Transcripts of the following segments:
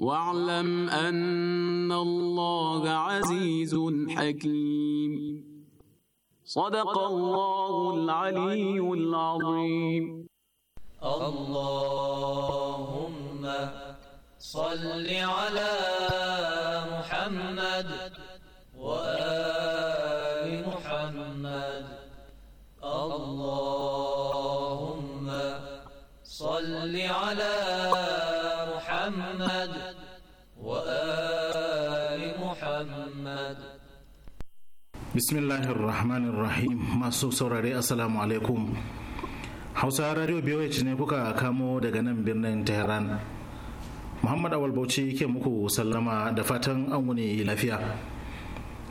واعلم أن الله عزيز حكيم صدق الله العلي العظيم اللهم صل على محمد وآل محمد اللهم صل على محمد bismillahir masu saurare assalamu alaikum hausa radio biyawai ne kuka kamo daga nan birnin tehran muhammad awal bauchi ke muku sallama da fatan an wuni lafiya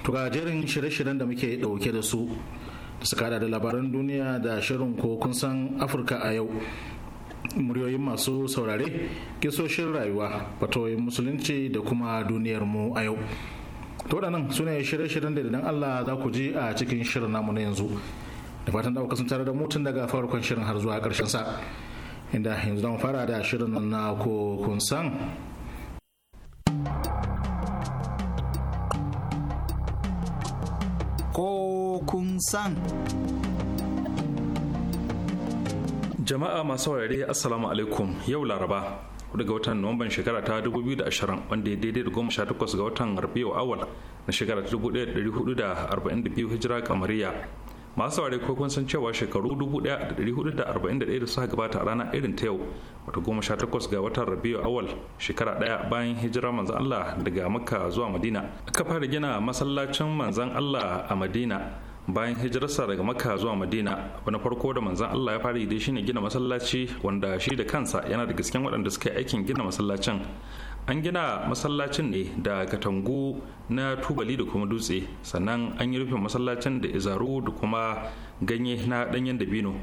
to jerin shirye-shiryen da muke dauke da su da suka da labaran duniya da shirin ko kun san afirka a yau muryoyin masu saurare kisoshin rayuwa fatoyin musulunci da kuma duniyarmu a yau to da nan su ne shirye-shiryen da idan Allah za ku ji a cikin shirin namu na yanzu da fatan da sun tare da mutum daga farkon shirin har zuwa karshen sa inda yanzu don fara da shirin na ko kun san ko kun san jama'a masu saurare assalamu alaikum yau laraba 4 ga watan nuwamban shekara ta 2020 wanda ya daidai da goma sha takwas ga watan rabiu awal na shekara ta 1442 hijira kamariya masu saurare ko kun san cewa shekaru 1441 da suka gabata a rana irin ta yau wata goma sha takwas ga watan rabiu awal shekara daya bayan hijira manzan Allah daga makka zuwa madina aka fara gina masallacin manzan Allah a madina bayan hijirarsa daga makka zuwa madina abu na farko da manzan allah ya fara yi shine gina masallaci wanda shi da kansa yana da gasken waɗanda suka yi aikin gina masallacin an gina masallacin ne da katangu na tubali da kuma dutse sannan an yi rufin masallacin da izaru da kuma ganye na ɗanyen dabino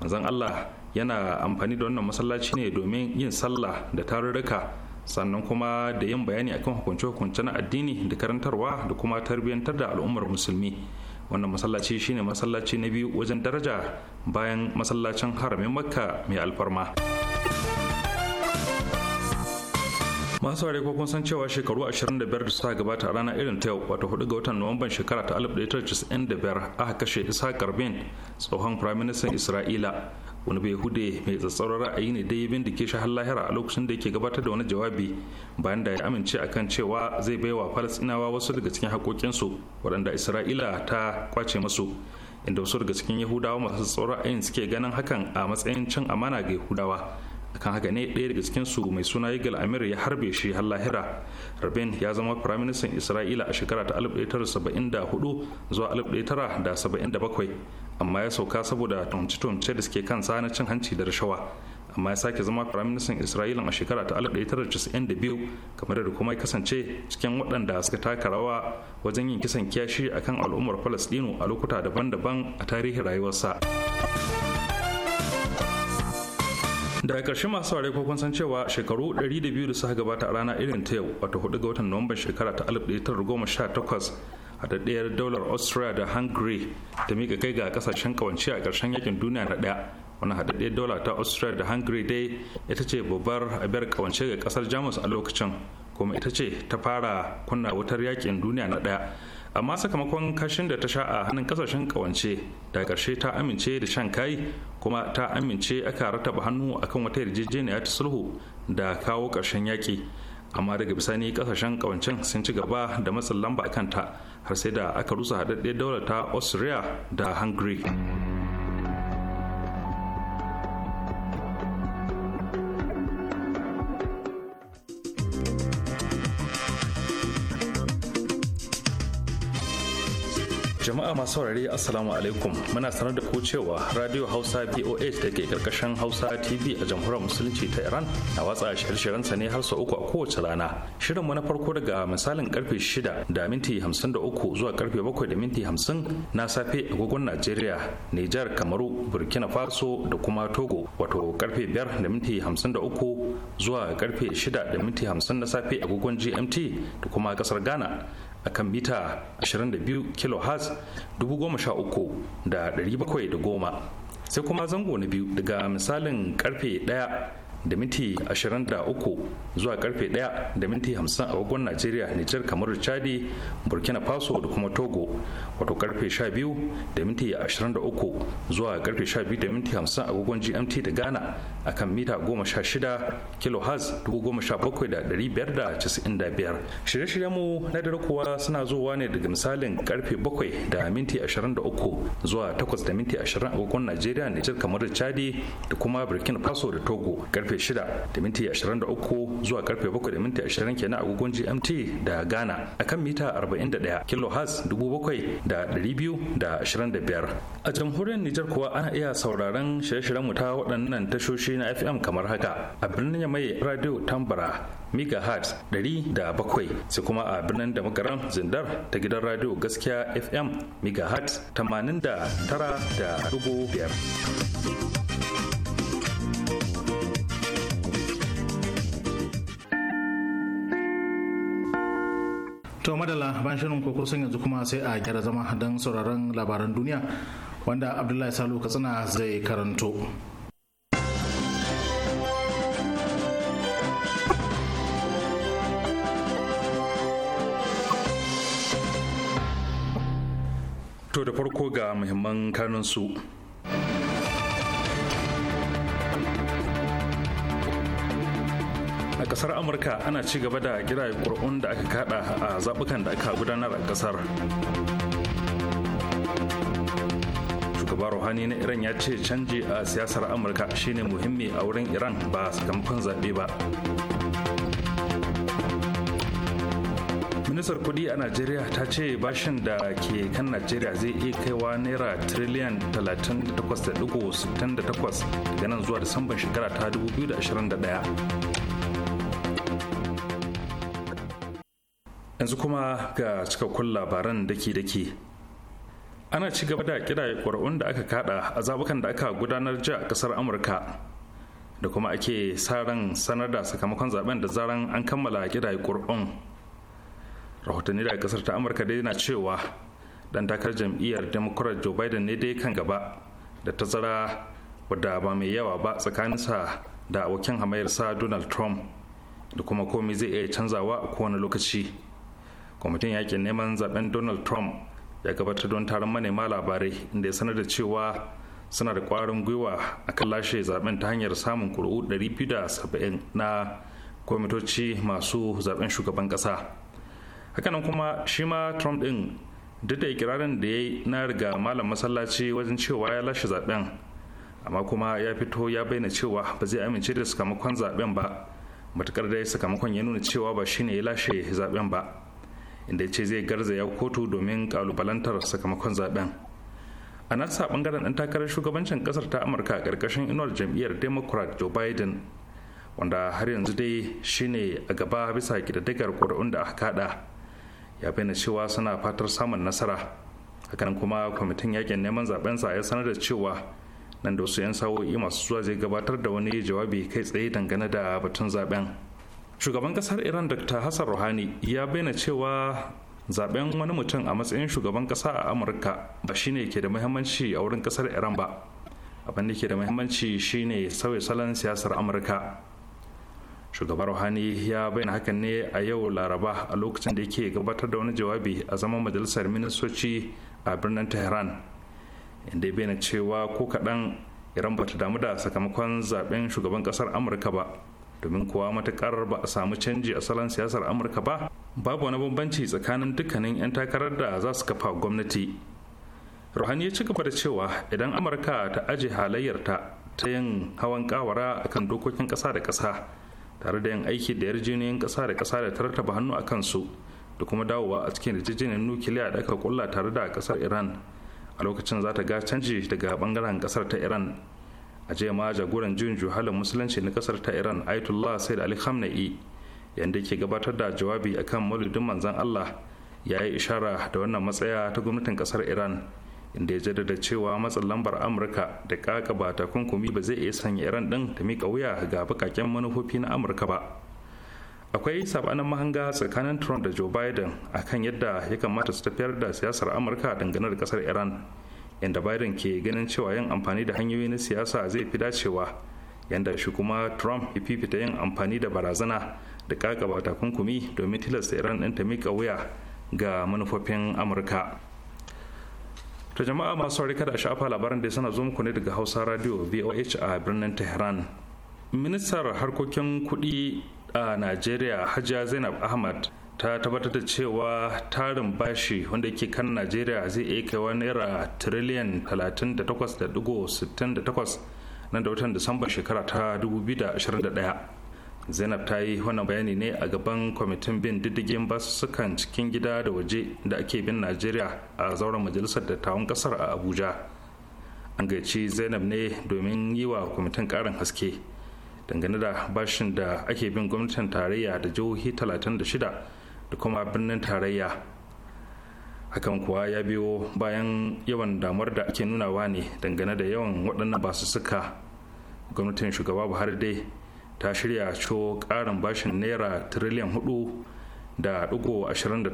manzan allah yana amfani da wannan masallaci ne domin yin sallah da tarurruka sannan kuma da yin bayani akan hukunce-hukunce na addini da karantarwa da kuma tarbiyyantar da al'ummar musulmi wannan masallaci shine masallaci na biyu wajen daraja bayan masallacin haramin makka mai alfarma masu ware kun san cewa shekaru 25 da suka gabata a ranar irin ta yau wato 4 ga watan nuwamban shekara ta 1995 aka kashe isa karbin tsohon firaministan isra'ila wani bai hude mai tsatsauran ra'ayi ne dai bin bindike shi har lahira a lokacin da yake gabatar da wani jawabi bayan da ya amince a kan cewa zai baiwa falastinawa wasu daga cikin haƙoƙinsu waɗanda isra'ila ta kwace masu inda wasu daga cikin yahudawa masu tsatsauran ra'ayin suke ganin hakan a matsayin cin amana ga yahudawa kan haka ne ɗaya daga cikin su mai suna yigal amir ya harbe shi har lahira rabin ya zama firaministan isra'ila a shekara ta 1974 zuwa 1977 amma ya sauka saboda tumce-tumce da suke kan na cin hanci da rashawa amma ya sake zama firaministan isra'ila a shekara ta 1992 kamar da kuma ya kasance cikin waɗanda suka taka rawa wajen yin kisan kiyashi akan al'ummar falastinu a lokuta daban-daban a tarihin rayuwarsa. daga ƙarshe masu ware ko kun san cewa shekaru 200 da suka gabata a rana irin ta yau wato hudu ga watan nuwamban shekara ta 1918 ɗayar daular austria da hungary ta miƙa kai ga ƙasashen kawance a ƙarshen yakin duniya na ɗaya wani haɗaɗɗiyar daula ta austria da hungary dai ita ce babbar abiyar kawance ga ƙasar jamus a lokacin kuma ita ce ta fara kunna wutar yakin duniya na ɗaya amma sakamakon kashin da ta sha a hannun kasashen kawance da karshe ta amince da shan kai kuma ta amince aka rataba hannu akan wata yarjejeniya ta sulhu da kawo ƙarshen yaƙi amma daga bisani kasashen kawancen sun ci gaba da matsin lamba a kanta har sai da aka rusa haɗaɗɗe daular ta austria da hungary Jama'a masu saurare Assalamu alaikum muna sanar da ku cewa Radio Hausa BOH da ke karkashin Hausa TV a Jamhuriyar Musulunci ta Iran na watsa shirye sa ne har sau uku a kowace rana. Shirin mu na farko daga misalin karfe 6 da minti 53 zuwa karfe 7 da minti 50 na safe agogon Najeriya, Nijar, Kamaru, Burkina Faso da kuma Togo wato karfe 5 da minti 53 zuwa karfe 6 da minti 50 na safe agogon GMT da kuma kasar Ghana. a kan mita 22 kHz 13710 sai kuma zango na biyu daga misalin karfe 1 da minti 23 zuwa karfe 1 da minti 50 a wagon Najeriya, Nijar, kamar Chadi, Burkina Faso da kuma Togo wato karfe 12 da minti 23 zuwa karfe 12 da minti 50 a wagon GMT da Ghana akan mita 16 kHz 17,595. Shirye-shiryen mu na dare kuwa suna zuwa ne daga misalin karfe 7 da minti 23 zuwa 8 da minti 20 a wagon Najeriya, Nijar, kamar Chadi da kuma Burkina Faso da Togo. Karfe karfe 6 da minti 23 zuwa karfe 7 da minti 20 kenan agogon GMT da Ghana akan mita 41 kHz 7225. A jamhuriyar Nijar kuwa ana iya sauraron shirye-shiryen mu ta waɗannan tashoshi na FM kamar haka a birnin mai radio Tambara megahertz 107 sai kuma a birnin da magaran zindar ta gidan radio gaskiya fm megahertz 89.5 to madalla ban shirin ko kusan yanzu kuma sai a kira zama don sauraron labaran duniya wanda abdullahi salu katsina zai karanto To da farko ga muhimman kanunsu. kasar amurka ana ci gaba da kiraye kur'un da aka kada a zabukan da aka gudanar a kasar shugaba ruhani na iran ya ce canji a siyasar amurka shine muhimmi a wurin iran ba sakamakon zaɓe ba ministar kudi a najeriya ta ce bashin da ke kan najeriya zai iya kaiwa naira triliyan 38.68 daga nan zuwa disamban shekara ta 2021 yanzu kuma ga cikakkun labaran daki-daki ana ci gaba da kiraye ƙwararrun da aka kada a zabukan da aka gudanar ji a ƙasar amurka da kuma ake sa ran sanar da sakamakon zaben da zaran an kammala kiraye ƙwararrun rahotanni daga ƙasar ta amurka dai na cewa dan takarar jam'iyyar democrat joe biden ne dai kan gaba da tazara wadda ba mai yawa ba tsakaninsa da abokin hamayarsa donald trump da kuma komai zai iya canzawa a kowane lokaci kwamitin yakin neman zaben donald trump ya gabatar don taron manema labarai inda ya sanar da cewa suna da kwarin gwiwa a kan lashe zaben ta hanyar samun kuri'u 270 na kwamitoci masu zaben shugaban kasa hakanan kuma shi ma trump din duk da ikirarin da ya yi na riga malam masallaci wajen cewa ya lashe zaben amma kuma ya fito ya bayyana cewa ba zai amince da sakamakon zaben ba matukar ya sakamakon ya nuna cewa ba shine ya lashe zaben ba inda ya ce zai garzaya kotu domin kalubalantar sakamakon zaben a nasa bangaren dan takarar shugabancin kasar ta amurka a karkashin inuwar jam'iyyar democrat joe biden wanda har yanzu dai shine a gaba bisa kididdigar ƙuri'un da aka kada ya bayyana cewa suna fatar samun nasara hakan kuma kwamitin yakin neman zaben sa ya sanar da cewa nan da wasu 'yan sa'o'i masu zuwa zai gabatar da wani jawabi kai tsaye dangane da batun zaben shugaban kasar iran dr hassan rouhani ya bayyana cewa zaben wani mutum a matsayin shugaban kasa a amurka ba shine ke da muhimmanci a wurin kasar iran ba abin da ke da muhimmanci shine sauya salon siyasar amurka shugaban ruhani ya bayyana hakan ne a yau laraba a lokacin da yake gabatar da wani jawabi a zaman majalisar ministoci a birnin tehran inda ya bayyana cewa ko kaɗan iran bata damu da sakamakon zaben shugaban kasar amurka ba domin kuwa matukar ba a samu canji a salon siyasar amurka ba babu wani bambanci tsakanin dukkanin 'yan takarar da za su kafa gwamnati ruhani ya ci gaba da cewa idan amurka ta aje halayyarta ta yin hawan kawara akan dokokin ƙasa da ƙasa tare da yin aiki da yarjejeniyar ƙasa da kasa da tartaba hannu a kansu da kuma dawowa a cikin yarjejeniyar nukiliya da aka kulla tare da kasar iran a lokacin za ta ga canji daga bangaren ƙasar ta iran a jiya ma jagoran juyin halin musulunci na kasar ta iran ayatollah said ali khamenei yadda ke gabatar da jawabi akan maulidin manzan allah ya yi ishara da wannan matsaya ta gwamnatin kasar iran inda ya jaddada cewa matsin lambar amurka da ba takunkumi ba zai iya sanya iran din ta mika wuya ga bukaken manufofi na amurka ba akwai sabanin mahanga tsakanin trump da joe biden akan yadda ya kamata su tafiyar da siyasar amurka dangane da kasar iran inda biden ke ganin cewa yin amfani da hanyoyi na siyasa zai fi dacewa yadda shi kuma trump ya fifita yin amfani da barazana da ba takunkumi domin tilasta iran ɗin ta mika wuya ga manufofin amurka to jama'a masu sauri kada shafa labaran da sana zo muku ne daga hausa radio voh a birnin tehran ministar harkokin kudi a nigeria hajiya zainab ahmad ta tabbatar da cewa tarin bashi wanda ke kan najeriya zai iya kai wa naira tiriliyan 38.68 nan da watan disamba shekara ta 2021 zainab ta yi wannan bayani ne a gaban kwamitin bin diddigin basussukan cikin gida da waje da ake bin najeriya a zauren majalisar dattawan kasar a abuja an gaici zainab ne domin yi wa kwamitin karin haske dangane da bashin da ake bin gwamnatin tarayya da jihohi 36 da kuma birnin tarayya hakan kuwa ya biyo bayan yawan damar da ake nunawa ne dangane da yawan waɗannan basussuka gwamnatin shugaba buhari dai ta shirya co ƙarin bashin naira tiriliyan hudu da ɗigo ashirin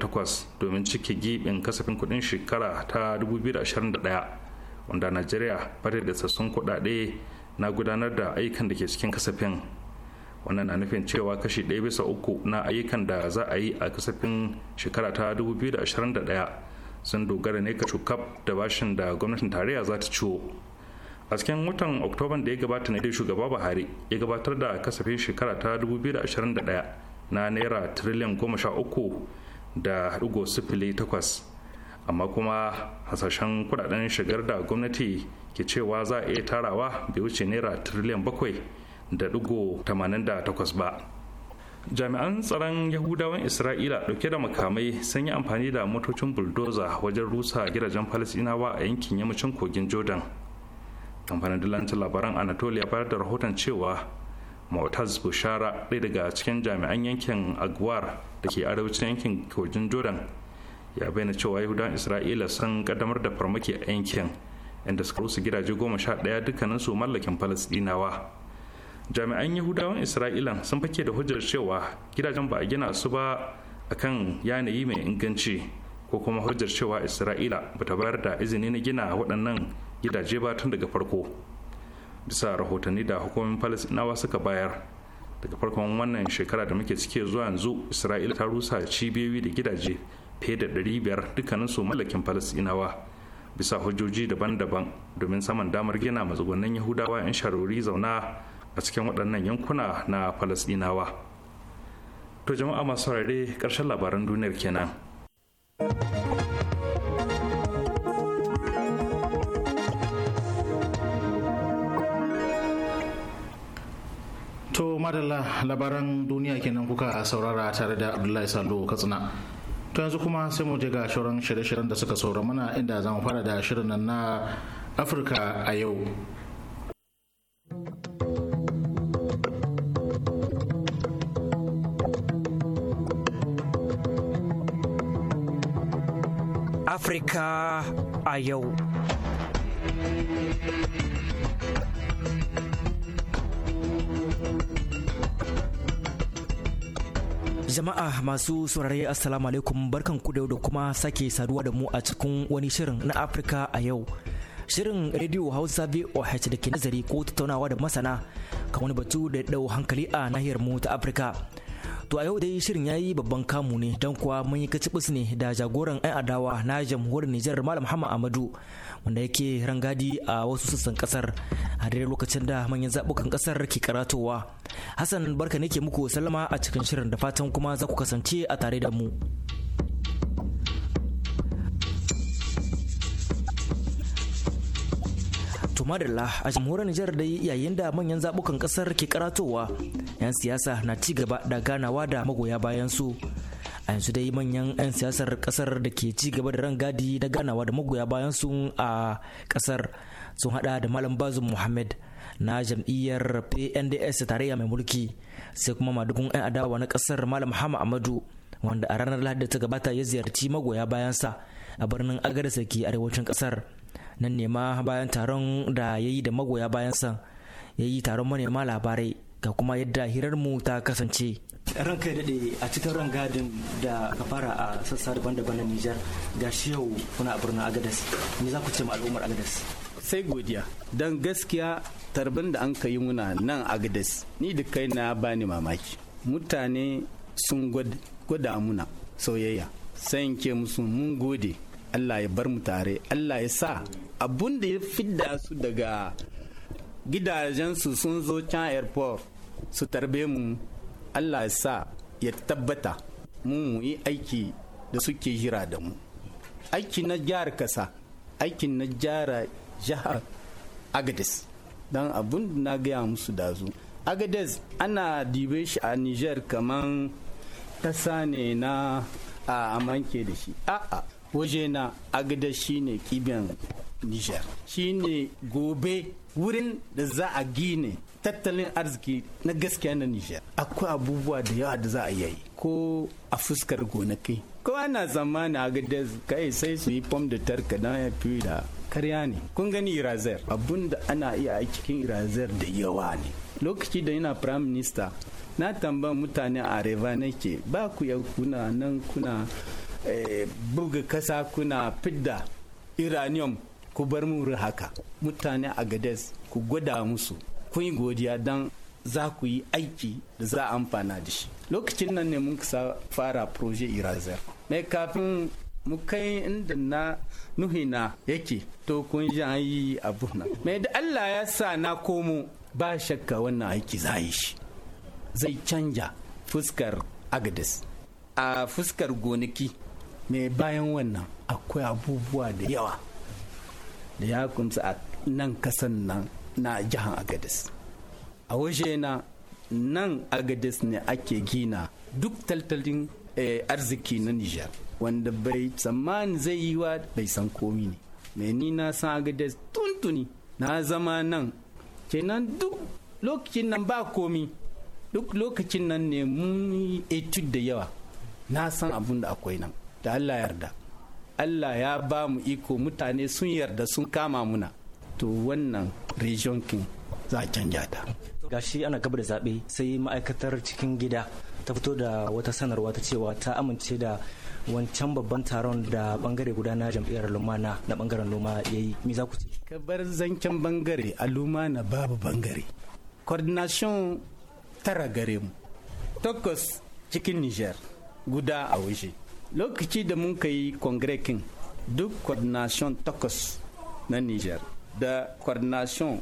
domin cike giɓin kasafin kuɗin shekara ta 2021 wanda najeriya ba da sassun kuɗaɗe na gudanar da ayyukan da ke cikin kasafin wannan na nufin cewa kashi ɗaya bisa uku na ayyukan da za a yi a kasafin shekara ta 2021 sun dogara ne ka cukab da bashin da gwamnatin tarayya za ta ciwo a cikin watan oktoban da ya gabata na dai shugaba buhari ya gabatar da kasafin shekara ta 2021 na naira tiriliyan goma sha uku da ɗigo sifili takwas amma kuma hasashen kudaden shigar da gwamnati ke cewa za a iya tarawa bai wuce naira tiriliyan bakwai da digo ba jami'an tsaron yahudawan isra'ila dauke da makamai sun yi amfani da motocin buldoza wajen rusa gidajen falasinawa a yankin yammacin kogin jordan kamfanin dillancin labaran anatolia bayar da rahoton cewa mautaz bushara ɗaya daga cikin jami'an yankin agwar da ke arewacin yankin kogin jordan ya bayyana cewa yahudawan isra'ila sun kaddamar da farmaki a yankin inda suka rusa gidaje goma sha ɗaya dukkaninsu mallakin falasɗinawa jami'an yahudawan isra'ila sun fake da hujjar cewa gidajen ba a gina su ba akan yanayi mai inganci ko kuma hujjar cewa isra'ila ba ta bayar da izini na gina waɗannan gidaje ba tun daga farko bisa rahotanni da hukumomin falasinawa suka bayar daga farkon wannan shekara da muke cike zuwa yanzu isra'ila ta rusa cibiyoyi da gidaje fiye da ɗari biyar dukkanin su mallakin falasinawa bisa hujjoji daban-daban domin saman damar gina matsugunan yahudawa 'yan sharori zauna a cikin waɗannan yankuna na falasɗinawa to jama'a masu rare ƙarshen labaran duniyar kenan to madalla labaran duniya kenan kuka saurara tare da abdullahi salo katsina to yanzu kuma sai mu je ga shirin shirye-shiryen da suka saura mana inda zamu fara da shirin nan na afirka a yau Afirka a yau. Jama'a masu saurare Assalamu alaikum barkan ku da yau da kuma sake saduwa da mu a cikin wani shirin na Afirka a yau. Shirin Radio Hausa VOH da ke nazari ko tattaunawa da masana kan wani batu da dau hankali a nahiyar mu ta Afirka. To a yau dai shirin ya yi babban kamu ne don kuwa mun yi kacibis ne da jagoran 'yan adawa na jamhuriyar Nijar Malam Muhammad Amadu wanda yake rangadi a wasu sassan kasar a daidai lokacin da manyan zabukan kasar ke karatowa. Hassan barka ne ke muku sallama a cikin shirin da fatan kuma za ku kasance a tare da mu. To a jamhuriyar Nijar dai yayin da manyan zabukan kasar ke karatowa 'yan siyasa na ci gaba da ganawa da magoya bayan su. a yanzu dai manyan 'yan siyasar kasar da ke ci gaba da rangadi na ganawa da magoya bayan su a kasar sun hada da malam bazum muhammad na jam'iyyar pnds tarayya mai mulki sai kuma madugun 'yan adawa na kasar malam hama amadu wanda a ranar lahadi ta gabata ya ziyarci magoya bayansa a birnin agadar ke arewacin kasar nan ne ma bayan taron da ya yi da magoya bayan bayansa ya yi taron manema labarai ga kuma yadda hirarmu ta kasance ran kai daɗe a cikin gadin da ka fara a sassa daban-daban na Nijar ga shi yau kuna a birnin Agadas ni za ku ce ma al'ummar Agadas sai godiya don gaskiya tarbin da an ka yi muna nan Agadas ni da kai na bani mamaki mutane sun gwada muna soyayya sai ke musu mun gode Allah ya bar mu tare Allah ya sa abun da ya fidda su daga gidajensu sun zo can airport su tarbe mu Allah ya sa ya tabbata mu yi aiki da suke jira da mu aiki na jihar kasa aikin na jihar jihar agadez don abun da na gaya musu da zu agadez ana dibe shi a niger kaman kasa ne na a amanke da shi a'a waje na agada shine kibiyan niger shine gobe wurin da za a gine tattalin arziki na gaskiya na niger akwai abubuwa da yawa da za a yi ko a fuskar gonakai ko ana zamani agada kai sai su yi fom da tarka don ya fi da karya ne kun gani irazer abun da ana iya a cikin irazer da yawa ne lokaci da yana prime minister na tamban mutane a ne nake ba ku ya kuna nan kuna Eh, buga kasa kuna fidda iranium ku bar mu haka mutane a gades ku gwada musu kun yi godiya don za ku yi aiki da za amfana da shi lokacin nan ne mun kusa fara proje irazer mai kafin mu kai inda na nuhina yake to kun ji an yi abu nan mai da allah ya sa na komo ba shakka wannan aiki za yi shi zai canja fuskar agades a fuskar gonaki mai bayan wannan akwai abubuwa da yawa da ya kunsa a nan kasan nan na jihar agadis a waje na nan agadis ne ake gina duk taltalin eh, arziki na nijar wanda bai tsammani zai yi wa bai san komi ne mai ni na san agadis tuntuni na zama nan kenan duk lokacin nan ba komi duk lokacin nan ne mun etude da yawa na san abun da akwai nan da Allah yarda Allah ya ba mu iko mutane sun yarda sun kama muna to wannan region king za a canja ta gashi ana gaba da zaɓe sai ma'aikatar cikin gida ta fito da wata sanarwa ta cewa ta amince da wancan babban taron da bangare guda na jam'iyyar lumana na bangaren noma ya yi mi za ku ce ka bar zancen bangare a lumana babu bangare coordination tara gare mu takwas cikin niger guda a waje lokaci da mun ka yi kongrekin duk coordination takwas na niger da coordination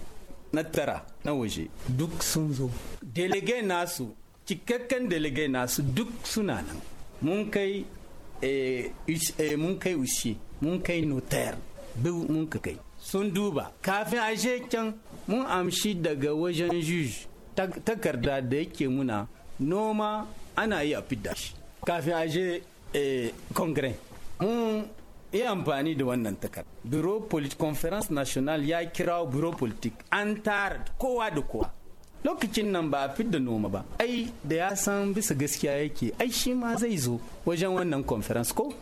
na tara na waje duk sun zo delegai nasu cikakken delege nasu duk suna nan mun kai eh, eh, mun kai ushi mun kai notar biyu mun ka kai sun duba kafin a can mun amshi daga wajen juj takarda da yake muna noma ana yi a fidda shi kafin a Eh, congrès. mun yi amfani da wannan takar biro conference nationale ya kira Bureau politik an tara kowa da kowa lokacin nan ba a fidda noma ba ai da ya san bisa gaskiya yake ai shi ma zai zo wajen wannan conference ko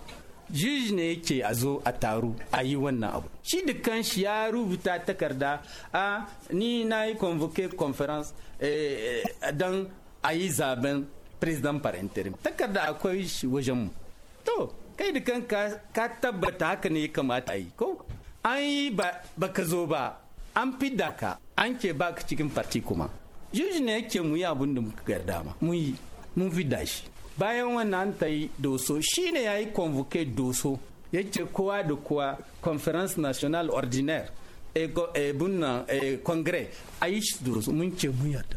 jiji ne yake a zo a taru a yi wannan abu shi dukkan shi ya rubuta takarda a ni na yi convoke conference eh, don a yi zaben president par interim takarda akwai shi wajen mu to kai da kanka ka tabbata haka ne kamata a yi ko an yi ba ka zo ba an fidda ka an ke ba ka cikin farti kuma juji ne yake mu yi abin da muka garda ma mun yi mun fidda shi bayan wannan ta yi doso shi ne ya yi convoke doso ya ce kowa da kowa conference national ordinaire e eh, eh, bunna kongre eh, a yi shi doso mun ce mu yarda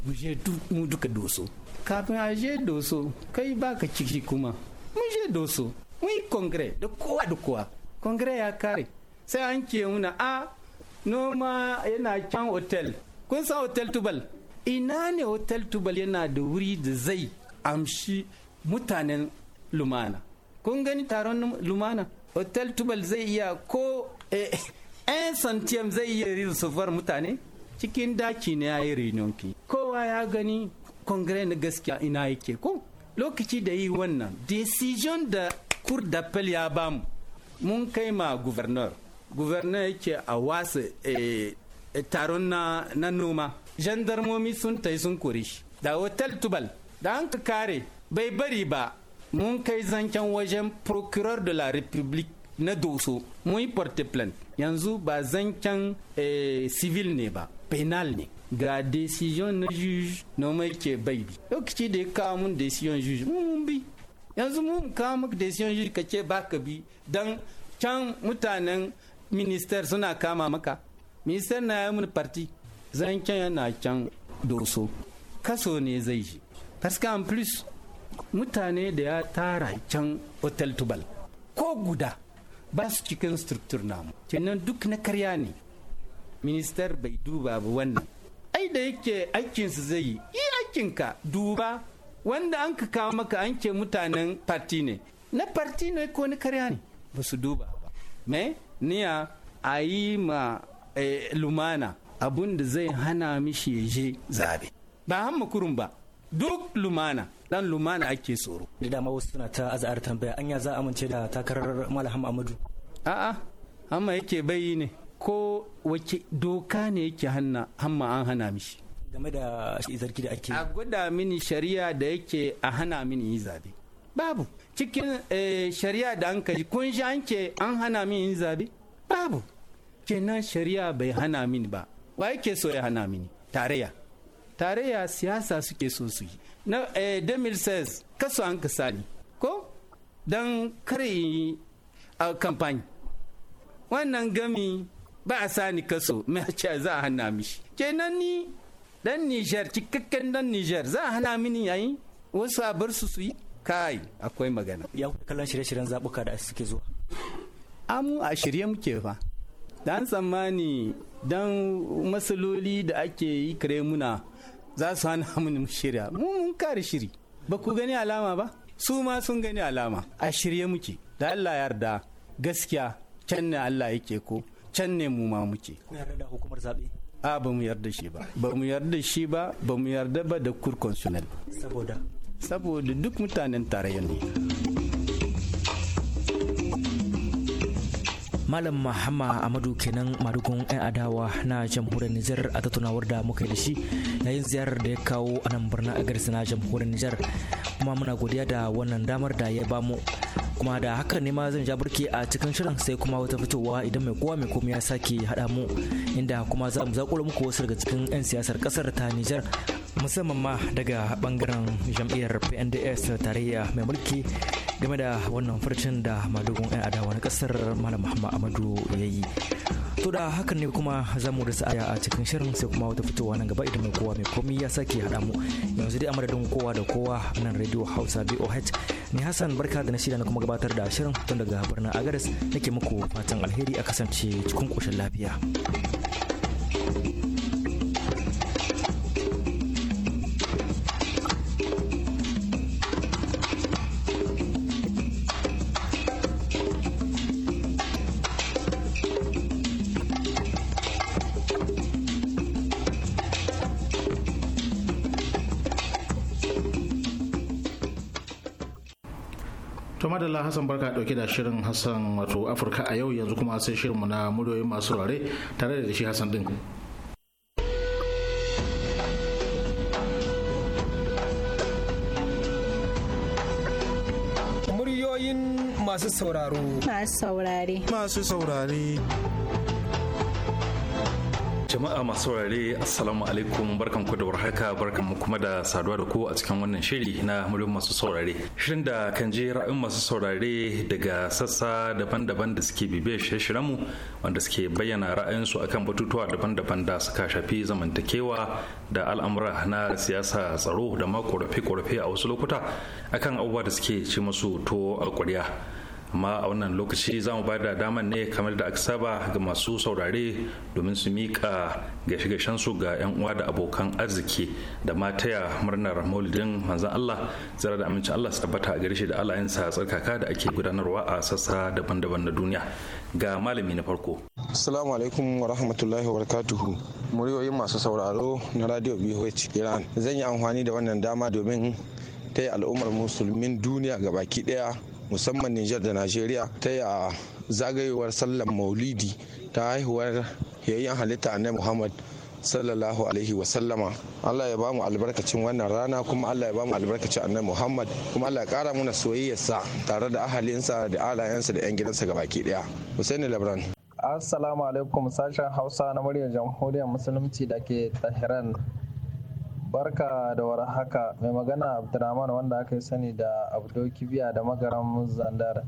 mu duka doso kafin a je doso kai baka ciki kuma mun je doso mun yi kongre da kowa da kowa kongre ya kare sai an ke muna a noma yana can hotel kun san hotel tubal ina ne hotel tubal yana da wuri da zai amshi mutanen lumana kun gani taron lumana hotel tubal zai iya ko yan eh, santiyam zai iya rizufar mutane cikin daki ne ya yi reunion ki kowa ya gani kongre na gaskiya ina yake ko lokaci da yi wannan decision da kur ya bamu mun kai ma gouverneur gouverneur yake a wasa eh, eh, taron na, na noma jandarmomi sun tai sun kore shi da hotel tubal da an ka kare bai bari ba mun kai zancen wajen procureur de la republique na doso mun yi porte yanzu ba zancen eh, civil ne ba penal ne ga decision na juge na mai ke bai bi lokaci da ya kawo mun decision juge mun bi yanzu mun kawo maka decision juge ka ce ba ka bi dan can mutanen minister suna kama maka minister na yi mun parti zan can yana can doso kaso ne zai ji parce en plus mutane da ya tara can hotel tubal ko guda ba su cikin structure namu kenan duk na karya ne minister bai duba ba wannan ai da yake aikinsu zai yi yi aikinka duba wanda an ka kawo maka an ke mutanen parti ne na parti ne ko ni karya ne ba su duba ba me niya a yi ma eh, lumana abun da zai hana mishi ya je zabe ba han kurun ba duk lumana dan lumana ake tsoro da dama wasu suna ta azar tambaya anya za amince da takarar malam amadu a'a amma yake bayi ne ko wace doka ne yake hanna hamma an hana mishi game da zargi da ake a gwada mini shari'a da yake a hana mini yin zabe babu cikin eh, shari'a da an kaji kun ji an ke an hana mini yin zabe babu kenan shari'a bai hana mini ba wa yake so ya hana mini tarayya tarayya siyasa suke so su yi na eh, demil says kaso an ka sani ko dan kare a kamfani wannan gami ba a sani kaso mai ce za a hana mishi kenan ni dan Nijar cikakken dan Nijar za a hana mini yayi wasu a bar su su yi kai akwai magana ya kallon shirye-shiryen zabuka da suke zuwa amu a shirye muke fa dan tsammani dan masaloli da ake yi kare muna za su hana mu shirya mu mun kare shiri ba ku gani alama ba su ma sun gani alama a shirye muke da Allah yarda gaskiya can ne Allah yake ko can ne mu ma muke hukumar a ba mu yarda shi ba ba mu yarda shi ba ba mu yarda ba da kur saboda saboda duk mutanen tarayyar ne Malam Mahama Amadu kenan madugun 'yan adawa na jamhuriyar Nijar a tattunawar da muka yi da shi yayin ziyarar da ya kawo a nan birnin Agadis na jamhuriyar Nijar. Kuma muna godiya da wannan damar da ya bamu. Kuma da haka ne ma zan ja burke a cikin shirin sai kuma wata fitowa idan mai kowa mai komai ya sake haɗa mu inda kuma za mu zaƙulo muku wasu daga cikin 'yan siyasar ƙasar ta Nijar musamman ma daga bangaren jam'iyyar pnds tarayya mai mulki game da wannan furcin da madugun 'yan adawa na kasar malam muhammad amadu ya yi to da hakan ne kuma za mu da sa'aya a cikin shirin sai kuma wata fitowa nan gaba idan mai kowa mai komi ya sake hada mu yanzu dai amadadin kowa da kowa nan radio hausa boh ne hassan barka da na shirya na kuma gabatar da shirin tun daga birnin agadas nake muku fatan alheri a kasance cikin koshin lafiya To madalla hasan barka dauke da shirin hasan wato Afirka a yau yanzu kuma sai shirin mu na muryoyin masu rare tare da shi hasan din. Muryoyin masu sauraro. Masu saurare. Masu saurare. jama'a masu saurare assalamu alaikum barkan ku da warhaka barkan mu kuma da saduwa da ku a cikin wannan shiri na murin masu saurare shirin da kan je ra'ayin masu saurare daga sassa daban-daban da suke bibiyar shirye-shiryen mu wanda suke bayyana ra'ayinsu akan batutuwa daban-daban da suka shafi zamantakewa da al'amura na siyasa tsaro da ma korafe-korafe a wasu lokuta akan abubuwa da suke ci musu to a amma a wannan lokaci za mu da daman ne kamar da aka saba ga masu saurare domin su miƙa gashe su ga 'yan uwa da abokan arziki da mataya murnar maulidin manzan Allah zara da amincin Allah su tabbata a gare shi da Allah sa tsarkaka da ake gudanarwa a sassa daban-daban na duniya ga malami na farko. Assalamu alaikum wa rahmatullahi wa barakatuhu. Muryoyin masu sauraro na Radio bih Iran. Zan yi amfani da wannan dama domin taya al'ummar musulmin duniya baki daya musamman Nijar da Najeriya ta yi a zagayowar sallar maulidi ta haihuwar yayin halitta annabi Muhammad sallallahu alaihi wasallama Allah ya bamu albarkacin wannan rana kuma Allah ya bamu albarkacin annan Muhammad kuma Allah ya kara mana soyayyarsa tare da ahalinsa da alayensa da yan gidansa gabaki daya Hussein Labran Assalamu alaikum sashen Hausa na muryar Jamhuriyar Musulunci da ke tahiran barka da warhaka mai magana abdurrahman wanda aka sani da abdo da magaran zandar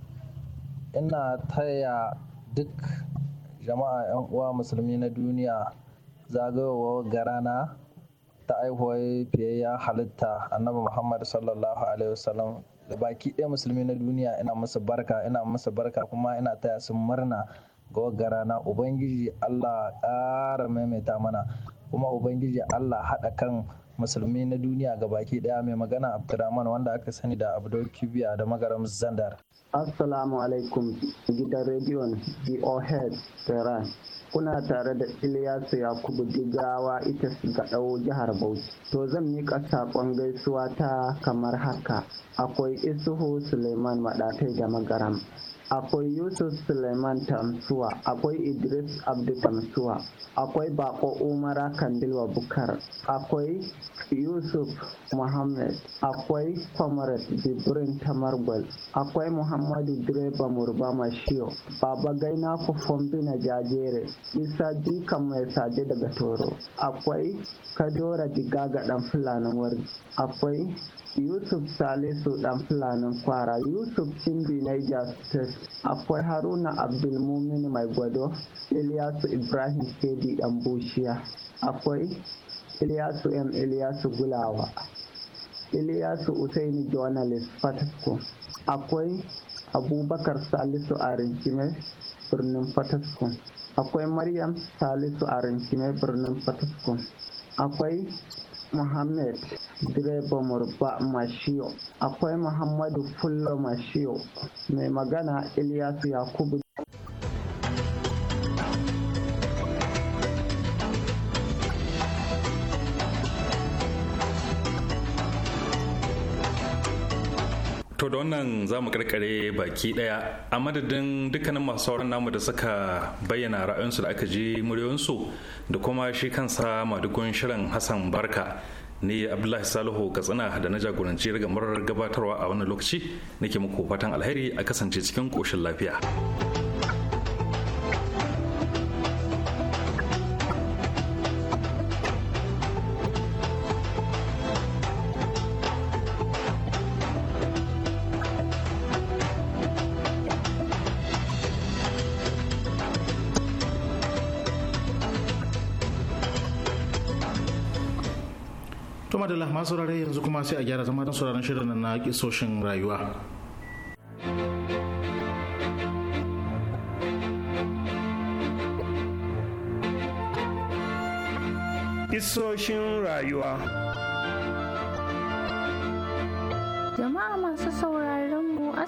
ina taya duk jama'a 'yan uwa musulmi na duniya zagayowa garana ta aihuwar fiyayya halitta annabi muhammad sallallahu alaihi wasallam da baki ɗaya musulmi na duniya ina musu barka ina musu barka kuma ina taya su murna ga waggara na ubangiji allah ƙara maimaita mana kuma ubangiji allah haɗa kan musulmi na duniya ga baki daya mai magana abdurrahman wanda aka sani da abdul kibiya da magaram zandar assalamu alaikum gidan rediyon boh tehran kuna tare da Ilyasu Yakubu Digawa ita su gaɗau jihar Bauchi. To zan miƙa saƙon gaisuwa ta kamar haka. Akwai Isuhu Suleiman Maɗatai da Magaram. akwai yusuf suleiman tamsuwa akwai idris abdu tamsuwa akwai bako umara kandilwa bukar akwai yusuf muhammad akwai kwamarat jibrin tamargwal akwai muhammadu direba murba mashiyo baba gaina kufombi na jajere isa dika mai saje daga toro akwai kadora diga ga dan fulanin Wari, akwai yusuf salisu dan fulanin kwara yusuf cimbi niger state akwai haruna abdulmumin mai gwado iliyasu ibrahim kedi dan bushiya akwai iliyasu m iliyasu gulawa iliyasu usaini journalist fatasko akwai abubakar salisu arinjime birnin fatasko akwai maryam salisu a arinjime birnin fatasko akwai muhammad direba murba mashiyo akwai muhammadu fullo mashiyo mai magana ilyasu yakubu To da wannan za mu karkare baki daya a madadin dukkanin masu sauran namu da suka bayyana ra'ayinsu da aka ji muryoyinsu da kuma shi kansa madugun shirin Hassan Barka ni abdullahi salihu katsina da na jagoranci rigamar gabatarwa a wannan lokaci nake muku fatan alheri a kasance cikin koshin lafiya masu saurari yanzu kuma sai a gyara zama don sauraron shirin na kisoshin rayuwa. Kisoshin rayuwa.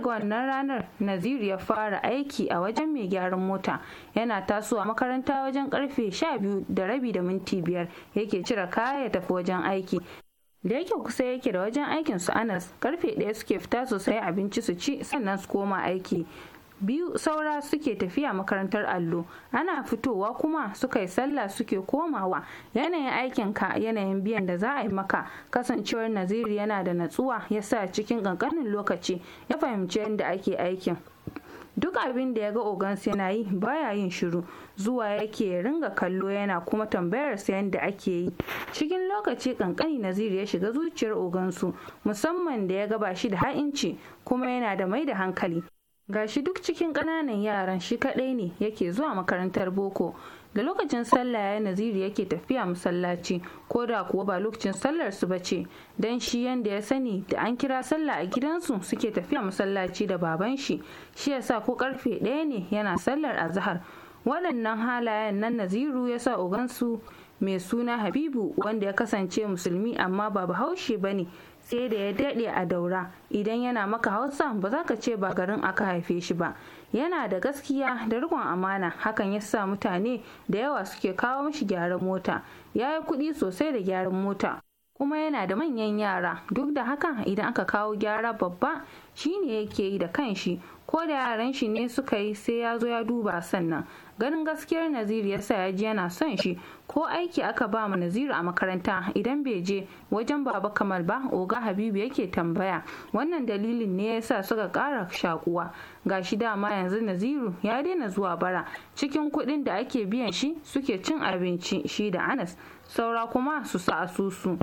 daga wannan ranar naziru ya fara aiki a wajen mai gyaran mota yana tasowa makaranta wajen karfe sha biyu da rabi da minti biyar yake cire kaya ya tafi wajen aiki da yake kusa yake da wajen aikin su anas karfe ɗaya suke fita sosai abinci su ci sannan su koma aiki biyu saura suke tafiya makarantar allo ana fitowa kuma suka yi sallah suke komawa yanayin aikinka yanayin biyan da za a yi maka kasancewar naziri yana da natsuwa ya sa cikin ƙanƙanin lokaci ya fahimci yadda ake aikin duk abin da ya ga ogansa yana yi baya yin shiru zuwa yake ringa kallo yana kuma tambayarsa sa yadda ake yi cikin lokaci kankani naziri ya shiga zuciyar ogansu musamman da ya ga ba shi da ha'inci kuma yana da mai da hankali gashi duk cikin ƙananan yaran shi kaɗai ne yake zuwa makarantar boko da lokacin sallah ya naziru yake tafiya masallaci ko da kuwa ba lokacin sallar su bace dan shi yanda ya sani da an kira sallah a gidansu suke tafiya masallaci da baban shi shi yasa ko karfe ɗaya ne yana sallar azhar waɗannan halayen nan naziru ya sa ogansu mai suna habibu wanda ya kasance musulmi amma ba bahaushe bane sai da ya daɗe a daura idan yana maka hausa ba za ka ce ba garin aka haife shi ba yana da gaskiya da rikon amana hakan ya sa mutane da yawa suke kawo mishi gyaran mota ya yi kuɗi sosai da gyaran mota kuma yana da manyan yara duk da haka idan aka kawo gyara babba shi ne yake yi da kanshi ko da yaran shi ne suka yi sai ya zo ya duba sannan ganin gaskiyar naziru ya sa ya ji yana son shi ko aiki aka ba ma naziru a makaranta idan bai je wajen baba kamal ba oga habibu yake tambaya wannan dalilin ne ya sa suka kara shakuwa ga shi dama yanzu naziru ya daina zuwa bara cikin kuɗin da ake biyan shi suke cin abinci shi da anas saura kuma su sa asusu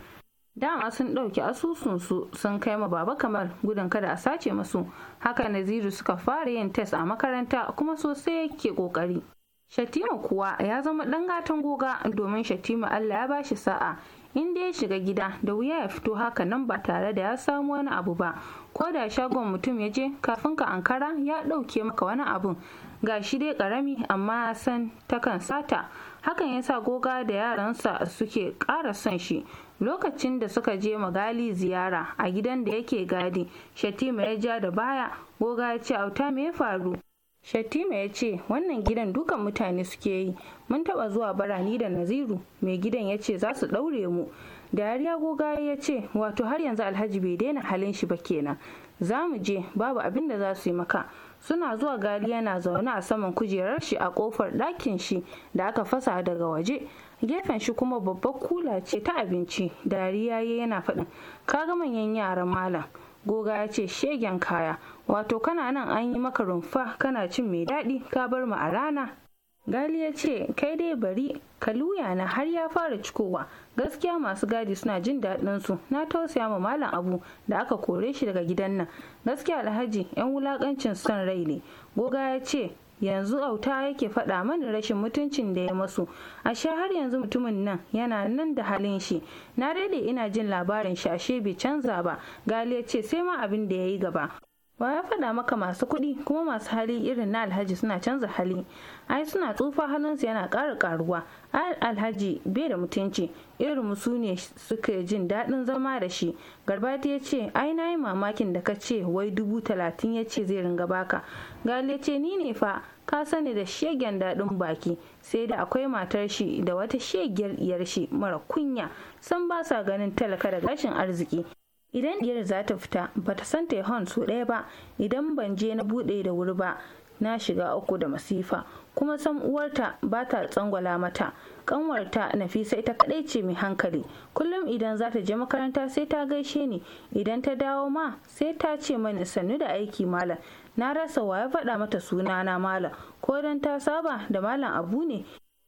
dama sun ɗauki asusunsu sun kai ma baba kamar gudun kada a sace masu haka naziru suka fara yin tes a makaranta kuma sosai yake ƙoƙari Shatima kuwa ya zama ɗan gatan goga domin Shatima Allah ya bashi sa'a inda ya shiga gida da wuya ya fito haka nan ba tare da ya samu wani abu ba ko da shagon mutum ya je kafin ka ankara ya ɗauke maka wani abun ga shi dai ƙarami amma san takan sata hakan ya sa goga da yaransa suke ƙara son shi lokacin da suka je magali ziyara a gidan da yake gadi shatima ya ja da baya goga ya ce auta me ya faru Shattima ya ce wannan gidan dukan mutane suke yi mun taba zuwa barani da naziru mai gidan ya ce za su daure mu dariya gogaye ya ce wato har yanzu alhaji bai daina halin shi ba kenan za mu je babu abin da za su yi maka suna zuwa gali yana zaune a saman kujerar shi a kofar ɗakin shi da aka fasa daga waje gefen shi kuma babbar kula ce ta abinci dariya yana faɗin Ka kaga manyan yaran malam goga ya ce shegen kaya wato kana nan an yi maka rumfa kana cin mai daɗi ka bar mu a rana gali ya ce kai dai bari ka na har ya fara cikowa gaskiya masu gadi suna jin daɗin su na tausaya ma malam abu da aka kore shi daga gidan nan gaskiya alhaji yan wulakancin son rai ne goga ya ce yanzu auta yake faɗa mana rashin mutuncin da ya masu ashe har yanzu mutumin nan yana nan da halin shi na daidai ina jin labarin shi ashe bai canza ba gali ce sai ma abin da ya yi gaba wa ya faɗa maka masu kuɗi kuma masu hali irin na alhaji suna canza hali ai suna tsufa hannunsu yana ƙara ƙaruwa ai alhaji bai da mutunci irin su ne suke jin daɗin zama da shi garbati ya ce ai na yi mamakin da ka ce wai dubu talatin ya ce zai ringa baka gali ya ce ni ne fa ka sani da shegen daɗin baki sai da akwai matar shi da wata shegiyar iyar shi mara kunya san ba sa ganin talaka da gashin arziki idan diyar za ta fita ba ta san ta hon so ɗaya ba idan ban je na buɗe da wuri ba na shiga uku da masifa kuma san uwarta ba ta tsangwala mata kanwarta nafisa ita kaɗai ce mai hankali kullum idan za ta je makaranta sai ta gaishe ni idan ta dawo ma sai ta ce mani sannu da aiki malam na rasa wa ya faɗa mata suna na malam ko don ta saba da malam abu ne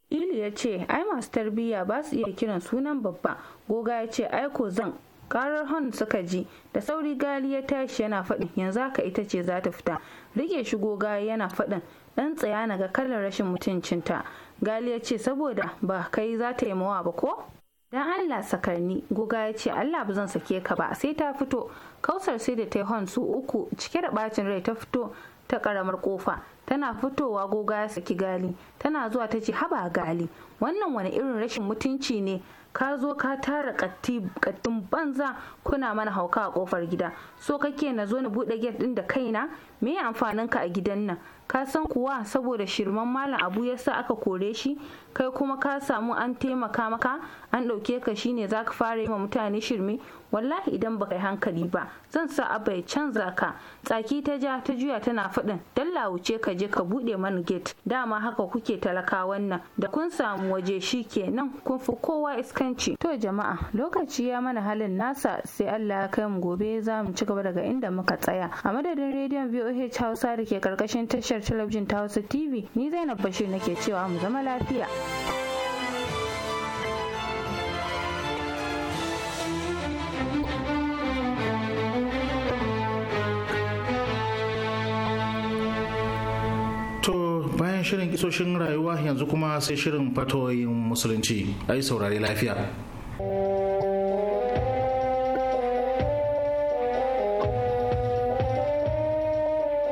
ilu ya ce ai masu tarbiyya ba su iya kiran sunan babba goga ya ce ai ko zan karar hon suka ji da sauri gali ya tashi yana faɗin yanzu haka ita ce za ta fita rike shigo gali yana faɗin ɗan tsaya na ga kalar rashin mutuncinta gali ya ce saboda ba kai za ta yi mawa ba ko dan Allah sakarni goga ya ce Allah ba zan sake ka ba sai ta fito kausar sai da ta hon su uku cike da bacin rai ta fito ta karamar kofa tana fitowa goga ya saki gali tana zuwa ta ce haba gali wannan wani irin rashin mutunci ne ka zo ka tara kattin banza kuna mana hauka a kofar gida so kake na zo na buɗe gate ɗin da kaina me amfanin ka a gidan nan ka san kuwa saboda shirman malam abu yasa aka kore shi kai kuma ka samu an taimaka maka an ɗauke ka shine za ka fara yi ma mutane shirme wallahi idan baka yi hankali ba zan sa abu ya canza ka tsaki ta ja ta juya tana faɗin dalla wuce ka je ka buɗe mana gate dama haka kuke talaka wannan. da kun samu waje shi kenan kun fi kowa iskanci to jama'a lokaci ya mana halin nasa sai Allah ya kai mu gobe za mu ci gaba daga inda muka tsaya a madadin rediyon VOH Hausa da ke karkashin tashar talabijin ta Hausa TV ni Zainab Bashir nake cewa mu zama lafiya bayan shirin kisoshin rayuwa yanzu kuma sai shirin fatoyin musulunci a yi saurari lafiya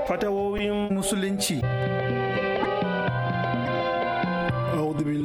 fatawoyin musulunci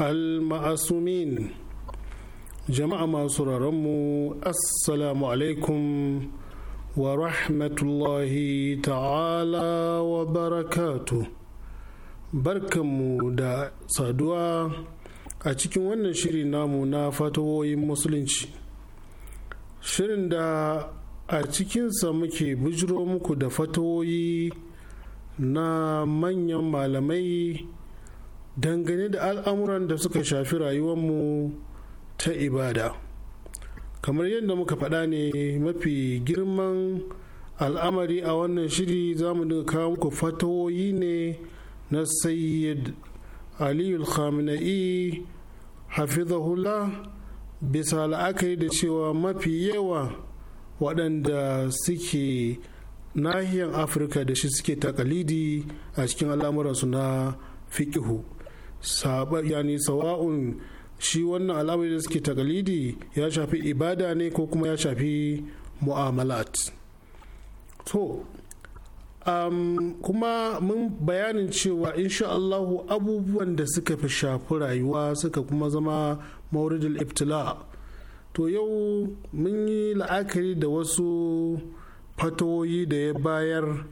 al jama'a masu mu assalamu alaikum wa rahmatullahi ta'ala wa barakatu barkanmu da saduwa a cikin wannan shiri namu na fatawoyin musulunci shirin da a cikinsa muke bujiro muku da fatawoyi na manyan malamai dangane da al'amuran da suka shafi rayuwarmu ta ibada kamar yadda muka faɗa ne mafi girman al'amari a wannan shiri za mu dinga kawo muku fatawoyi ne na sayyid aliyu khamenei hafizahullah bisa la'akari da cewa mafi yawa waɗanda suke nahiyar afirka da shi suke takalidi a cikin al'amuransu na fikihu saba yani sawa'un shi wannan al'amari da suke tagalidi ya shafi ibada ne ko kuma ya shafi mu'amalat to um, kuma mun bayanin cewa insha Allahu abubuwan da suka fi shafi rayuwa suka kuma zama mauridul iftila, to yau mun yi la'akari da wasu fatoyi da ya bayar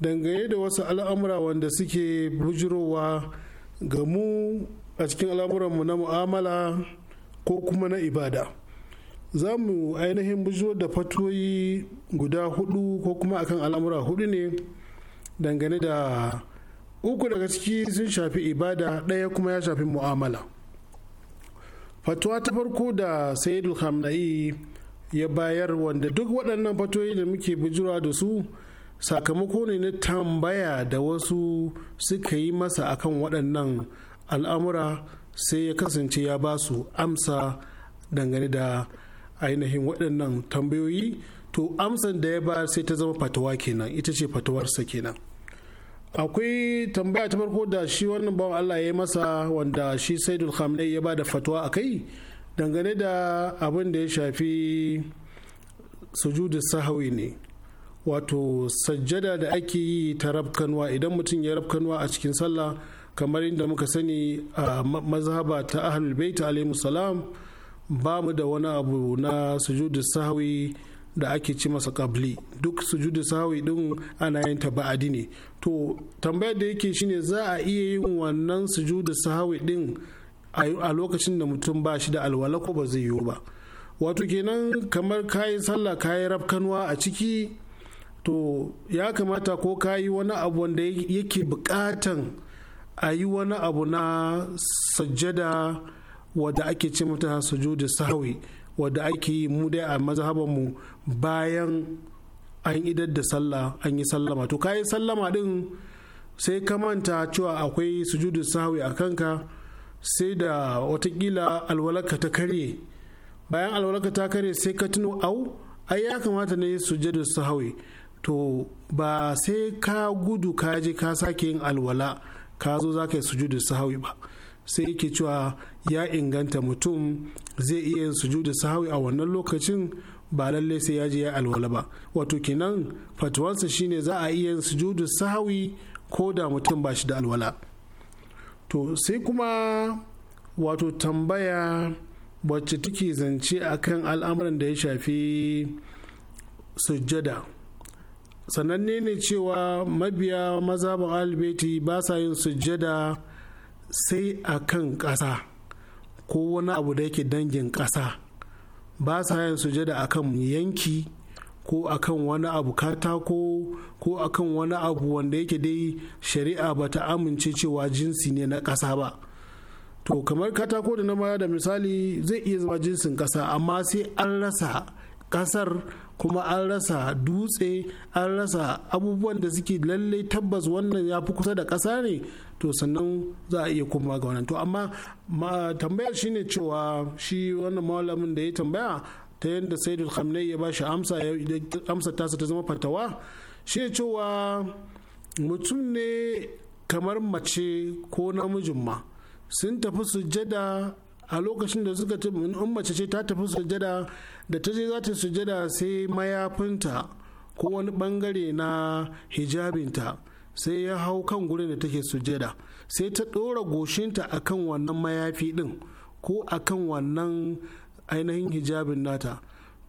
dangane da wasu al'amura wanda suke bujirowa ga mu a cikin al'amuranmu na mu'amala ko kuma na ibada za mu ainihin bujo da fatoyi guda hudu ko kuma akan al'amura hudu ne dangane da uku daga ciki sun shafi ibada ɗaya kuma ya shafi mu'amala fatuwa ta farko da sayidul hamdai ya bayar wanda duk waɗannan fatoyi da muke bujura da su sakamako ne na tambaya da wasu suka yi masa akan waɗannan al'amura sai ya kasance ya ba su amsa dangane da ainihin waɗannan tambayoyi to amsan da ya ba sai ta zama fatawa kenan ita ce fatawarsa kenan akwai tambaya ta farko da shi wannan bawan Allah ya yi masa wanda shi saidul khamenei ya ba da fatawa a kai dangane da abin da ya shafi sujudu sahawi ne wato sajjada da ake yi ta rabkanwa idan mutum ya rabkanwa a cikin sallah kamar inda muka sani a mazhaba ta ahlul bait alayhi salam ba mu da wani abu na sujudu sahwi da ake ci masa kabli duk sujudu sahwi din ana yin ta ba'adi ne to tambayar da yake shine za a iya yin wannan sujudu sahwi din a lokacin da mutum ba shi da alwala ko ba zai yiwu ba wato kenan kamar kayi sallah kayi rabkanwa a ciki to ya kamata ko ka yi wani abu wanda yake bukatan a yi wani abu na sajjada wadda ake ce mata sujudu sahawi wadda ake yi mu dai a mazhabanmu bayan an idar da sallah an yi sallama to ka yi sallama din sai ka manta cewa akwai sujudu sahawi a kanka sai da watakila alwalaka ta karye bayan alwalaka ta karye sai ka tuno au ai ya kamata na yi sujudu sahawi to ba sai ka gudu ka je ka sake yin alwala ka zo za ka yi sujudu sahawi ba sai yake cewa ya inganta mutum zai iya yin sujudu sahawi a wannan lokacin ba lallai sai ya je ya alwala ba wato kenan fatuwansa shine za a iya yin sujudu sahawi ko da mutum ba shi da alwala to sai kuma wato tambaya wacce take zance akan al'amuran da ya shafi sujjada sananne ne cewa mabiya mazhabin albeti ba sa yin sujjada sai a kan ƙasa ko wani abu da yake dangin ƙasa ba sa yin sujjada a kan yanki ko a kan wani abu katako ko a kan wani abu wanda yake dai shari'a ba ta amince cewa jinsi ne na ƙasa ba to kamar katako da na da misali zai iya zama jinsin ƙasa amma sai an rasa ƙasar kuma an rasa dutse an rasa abubuwan da suke lallai tabbas wannan ya fi kusa da ƙasa ne to sannan za a iya kuma ga wannan to amma tambayar shine cewa shi wannan malamin da ya tambaya ta yadda saidul khamenei ya bashi amsa ya amsa tasa ta zama fatawa shi cewa mutum ne kamar mace ko namijin ma sun tafi sujada a lokacin da suka tafi mace ce ta tafi sujada da ta je za ta sujada sai mayafinta ko wani bangare na hijabinta sai ya hau kan gurin da take sujada sai ta ɗora goshinta a kan wannan mayafi ɗin ko a kan wannan ainihin hijabin nata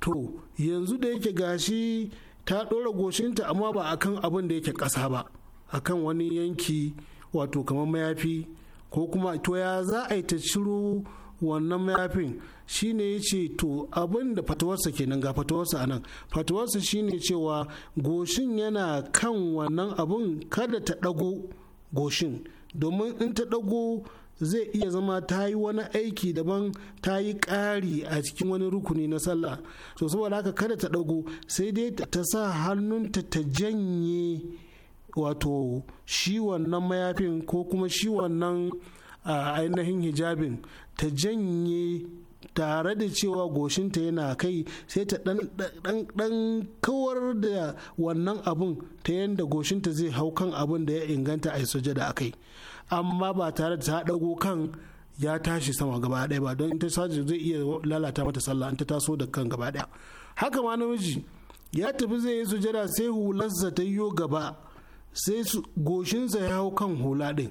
to yanzu da yake gashi ta ɗora goshinta amma ba akan abin da yake ƙasa ba akan wani yanki wato kamar mayafi ko kuma to ya za a yi ta ciro wannan mayafin shine ya ce to abin da fatawarsa kenan ga fatawarsa anan fatawarsa shine cewa goshin yana kan wannan abun kada ta ɗago goshin domin in ta ɗago zai iya zama ta yi wani aiki daban ta yi ƙari a cikin wani rukuni na sallah to saboda haka kada ta ɗago sai dai ta sa hannunta ta janye wato shi wannan mayafin ko kuma shi wannan ainihin hijabin ta janye tare da cewa goshinta yana kai sai ta dan kawar da wannan abun ta yadda goshinta zai hau kan abun da ya inganta a sujada a kai amma ba tare da ta dago kan ya tashi sama gaba daya ba don ta saji zai iya lalata mata sallah in ta taso da kan gaba daya haka ma namiji ya tafi zai yi sujada sai hularsa ta yiwo gaba sai goshinsa ya hau kan hula ɗin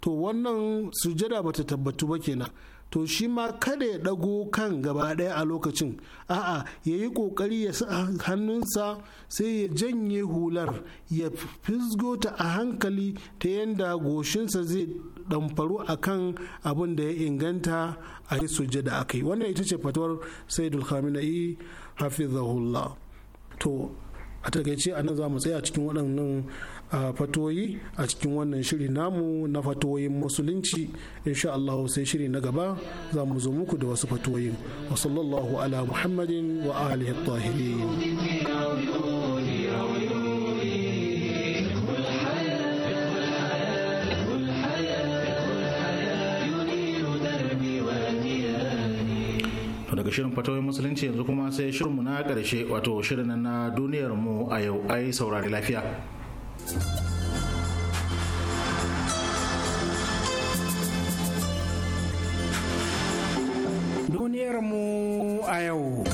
to wannan sujada ta tabbatu ba kenan to shi ma kada ya ɗago kan gaba ɗaya a lokacin a'a ya yi ƙoƙari ya sa hannunsa sai ya janye hular ya fisgo ta a hankali ta yadda goshinsa zai ɗamfaru a kan abin da ya inganta a yi da aka yi wannan ita ce fatuwar saidul khamenei hafizahullah to a takaice a nan za mu tsaya cikin waɗannan A fatoyi a cikin wannan shiri namu na fatoyin musulunci insha Allah sai shiri na gaba za mu zo muku da wasu fatoyin wa sallallahu ala muhammadin wa alihi tahirin daga shirin fatoyin musulunci yanzu kuma sai shirinmu na karshe wato shirin na duniyarmu a yau ai saurari lafiya. a yau.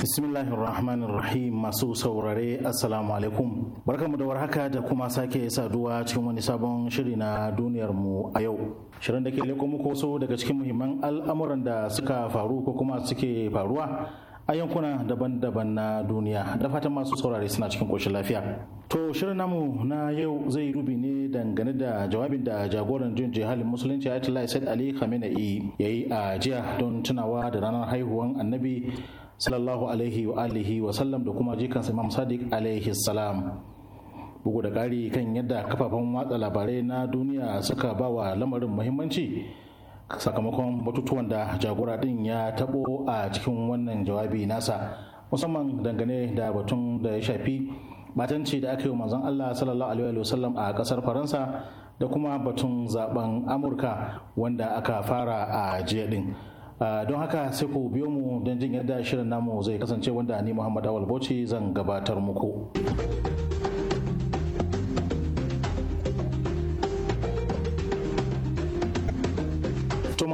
Bismillahirrahmanirrahim masu saurare Assalamu alaikum. Barkamu da warhaka da kuma sake saduwa cikin wani sabon shiri na duniyar mu a yau. Shirin da ke leko muku wasu daga cikin muhimman al'amuran da suka faru ko kuma suke faruwa a yankuna daban-daban na duniya da fatan masu saurari suna cikin koshin lafiya to shirin namu na yau zai rubi ne dangane da jawabin da jagoran jin jihalin musulunci ayatollah said ali khamenei ya yi a jiya don tunawa da ranar haihuwan annabi sallallahu alaihi wa alihi wa sallam da kuma jikan imam sadiq alaihi salam bugu da ƙari kan yadda kafafen watsa labarai na duniya suka ba wa lamarin muhimmanci sakamakon batutuwan da jagora din ya tabo a cikin wannan jawabi nasa musamman dangane da batun da ya shafi batanci da aka yi manzon Allah sallallahu alaihi wa sallam a kasar Faransa da kuma batun zaben Amurka wanda aka fara a jiya din don haka sai ku biyo mu don jin yadda shirin namu zai kasance wanda ni Muhammad Awal Bauchi zan gabatar muku.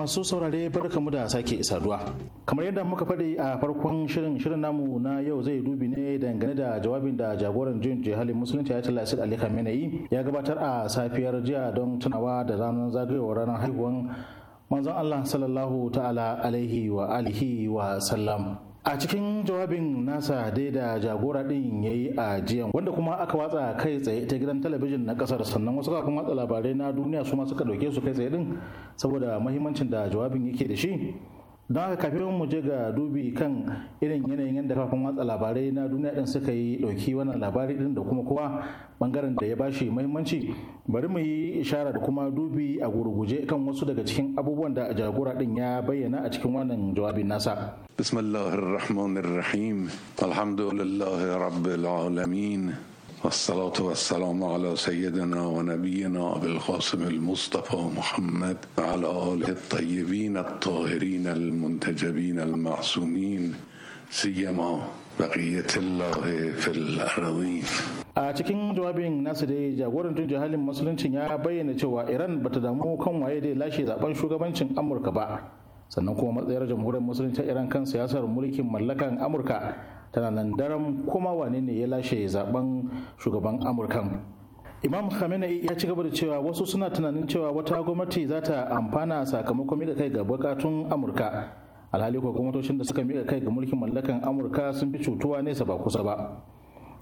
masu saurare barkamu da sake saduwa. Kamar yadda muka faɗi a farkon shirin shirin namu na yau zai dubi ne dangane da jawabin da jagoran jin jihalin musulunci Ayatollah Said Ali Khamenei ya gabatar a safiyar jiya don tunawa da ranar zagayowar ranar haihuwar manzon Allah sallallahu ta'ala alaihi wa alihi wa sallam. a cikin jawabin nasa dai da jagora din ya yi a jiyan wanda kuma aka watsa kai tsaye ta gidan talabijin na kasar sannan wasu kafin watsa labarai na duniya su ma suka dauke su kai tsaye din saboda mahimmancin da jawabin yake da shi don haka kafin mu je ga dubi kan irin yanayin yadda kafin watsa labarai na duniya din suka yi dauki wannan labari din da kuma kowa bangaren da ya ba shi mahimmanci bari mu yi ishara da kuma dubi a gurguje kan wasu daga cikin abubuwan da jagora din ya bayyana a cikin wannan jawabin nasa bismillahir rahmanir rahim alhamdulillahi rabbil alamin والصلاة والسلام على سيدنا ونبينا أبي القاسم المصطفى محمد على آله الطيبين الطاهرين المنتجبين المعصومين سيما بقية الله في الأرضين a cikin jawabin nasa da jagoran tun halin musulunci ya bayyana cewa iran bata damu kan waye da lashe zaben shugabancin amurka ba sannan kuma matsayar jamhuriyar musulunci iran kan siyasar mulkin mallakan amurka tana nan daren kuma wane ne ya lashe zaben shugaban amurka imam khamenei ya ci gaba da cewa wasu suna tunanin cewa wata gwamnati za ta amfana sakamakon miƙa kai ga bukatun amurka alhali ko gwamnatocin da suka miƙa kai ga mulkin mallakan amurka sun fi cutuwa nesa ba kusa ba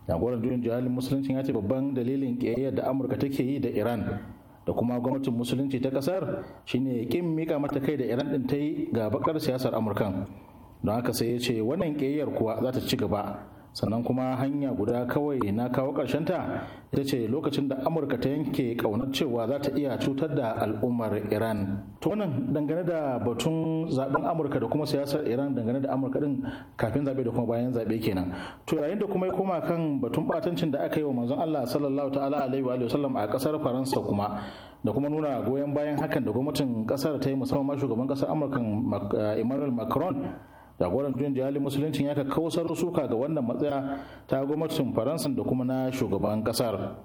jagoran duniyar jihalin musulunci ya ce babban dalilin ƙiyayyar da amurka take yi da iran da kuma gwamnatin musulunci ta kasar shine kin mika mata kai da iran din ta yi ga bakar siyasar amurkan don haka sai ya ce wannan keyar kuwa za ta ci gaba sannan kuma hanya guda kawai na kawo karshen ta ita ce lokacin da amurka ta yanke ƙaunar cewa za ta iya cutar da al'ummar iran to wannan dangane da batun zaben amurka da kuma siyasar iran dangane da amurka din kafin zabe da kuma bayan zabe kenan to yayin da kuma ya koma kan batun batancin da aka yi wa manzon allah sallallahu ta'ala alaihi wa sallam a kasar faransa kuma da kuma nuna goyon bayan hakan da gwamnatin kasar ta yi musamman shugaban kasar amurka eh, emmanuel macron jagoran juyin jihalin musulunci ya kausar suka ga wannan matsaya ta gwamnatin faransa da kuma na shugaban kasar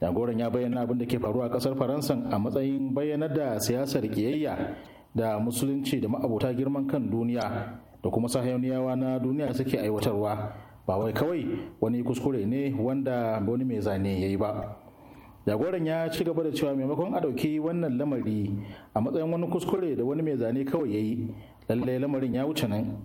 jagoran ya bayyana abin da ke faruwa a kasar faransa a matsayin bayyanar da siyasar kiyayya da musulunci da ma'abota girman kan duniya da kuma sahayoniyawa na duniya suke aiwatarwa ba wai kawai wani kuskure ne wanda wani mai zane ya yi ba jagoran ya ci gaba da cewa maimakon a ɗauki wannan lamari a matsayin wani kuskure da wani mai zane kawai ya yi lallai lamarin ya wuce nan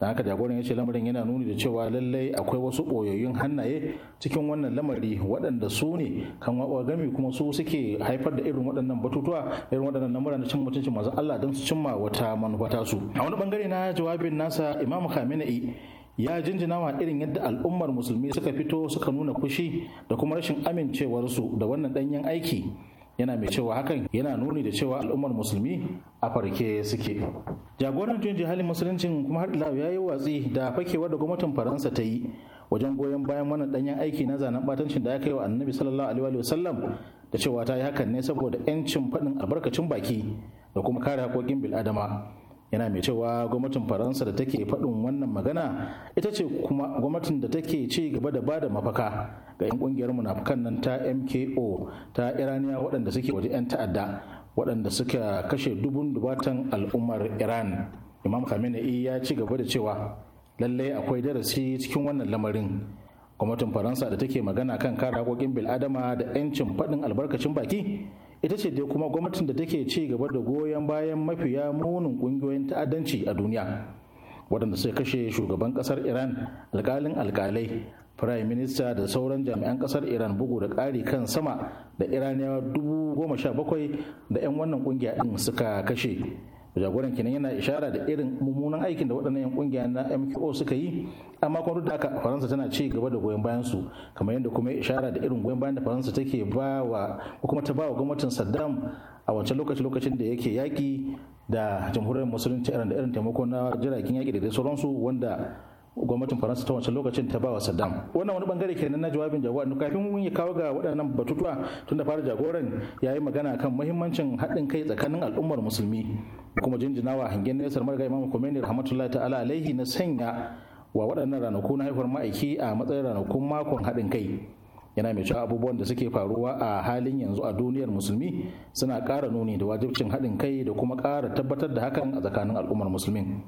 da haka jagoran ya ce lamarin yana nuni da cewa lallai akwai wasu ɓoyayyun hannaye cikin wannan lamari waɗanda su ne kan gami kuma su suke haifar da irin waɗannan batutuwa irin waɗannan lamura na cin mutunci masu Allah don su cimma wata manufata su a wani bangare na jawabin nasa Imam Khamenei ya jinjina wa irin yadda al'ummar musulmi suka fito suka nuna fushi da kuma rashin amincewarsu da wannan ɗanyen aiki yana mai cewa hakan yana nuni da cewa al'ummar musulmi a farke suke jagoran juyin jihalin musuluncin kuma har ila ya yi watsi da fakewa da gwamnatin faransa ta yi wajen goyon bayan wannan danyen aiki na zanen batancin da aka yi wa annabi sallallahu alaihi wa da cewa ta yi hakan ne saboda 'yancin faɗin albarkacin baki da kuma kare haƙoƙin bil'adama yana mai cewa gwamnatin faransa da take faɗin wannan magana ita ce kuma gwamnatin da take ci gaba da bada mafaka ga 'yan kungiyar munafukan nan ta mko ta iraniya waɗanda suke waje 'yan ta'adda waɗanda suka kashe dubun dubatan al'ummar iran imam khamenei ya ci gaba da cewa lallai akwai darasi cikin wannan lamarin gwamnatin faransa da take magana kan kare haƙoƙin bil'adama da 'yancin faɗin albarkacin baki ita ce dai kuma gwamnatin da take ci gaba da goyon bayan mafiya munin kungiyoyin ta'addanci a duniya waɗanda sai kashe shugaban ƙasar iran alƙalin alƙalai firayim minista da sauran jami'an ƙasar iran bugu da ƙari kan sama da iraniyawa dubu goma sha bakwai da 'yan wannan ƙungiya ɗin suka kashe jagoran kenan yana ishara da irin mummunan aikin da waɗannan 'yan kungiya na mko suka yi amma kwanu da haka faransa tana ci gaba da goyon bayan su kamar yadda kuma ishara da irin goyon bayan da faransa take ba wa ko kuma ta ba wa gwamnatin saddam a wancan lokaci lokacin da yake yaƙi da jamhuriyar musulunci irin da irin taimako na jiragen yaƙi da dai sauransu wanda gwamnatin faransa ta wancan lokacin ta bawa saddam wannan wani bangare kenan na jawabin jagoran kafin mun yi kawo ga waɗannan batutuwa tun da fara jagoran ya yi magana kan muhimmancin haɗin kai tsakanin al'ummar musulmi kuma jinjinawa hangen nesar marga imam kumeni rahmatullahi ta'ala alaihi na sanya wa waɗannan ranaku na haifar ma'aiki a matsayin ranakun makon haɗin kai yana mai cewa abubuwan da suke faruwa a halin yanzu a duniyar musulmi suna ƙara nuni da wajibcin haɗin kai da kuma ƙara tabbatar da hakan a tsakanin al'ummar musulmin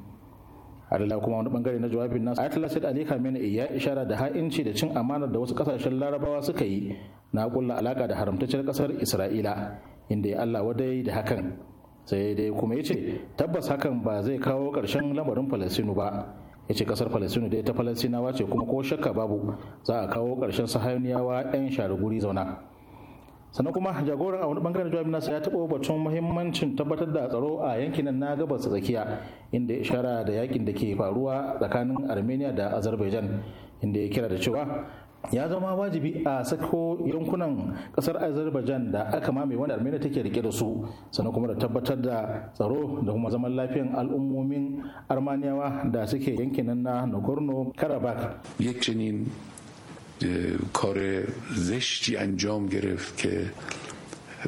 Adala kuma wani bangare na jawabin nasu Ayatollah Said Ali Khamenei ya ishara da ha'inci da cin amanar da wasu kasashen Larabawa suka yi na kulla alaka da haramtaccen kasar Isra'ila inda ya Allah wadai da hakan sai dai kuma ya ce tabbas hakan ba zai kawo karshen lamarin Falasinu ba ya ce kasar Falasinu da ta Falasinawa ce kuma ko shakka babu za a kawo ƙarshen sahayuniyawa 'yan shari guri zauna. sannan kuma jagoran a wani bangaren jawabin nasa ya taɓa batun muhimmancin tabbatar da tsaro a yankin na gabas tsakiya inda ya ishara da yakin da ke faruwa tsakanin armenia da azerbaijan inda ya kira da cewa ya zama wajibi a sako yankunan kasar azerbaijan da aka mame wanda armenia take rike da su sannan kuma da tabbatar da tsaro da kuma zaman lafiyan al'ummomin armaniyawa da suke yankin na nagorno karabakh کار زشتی انجام گرفت که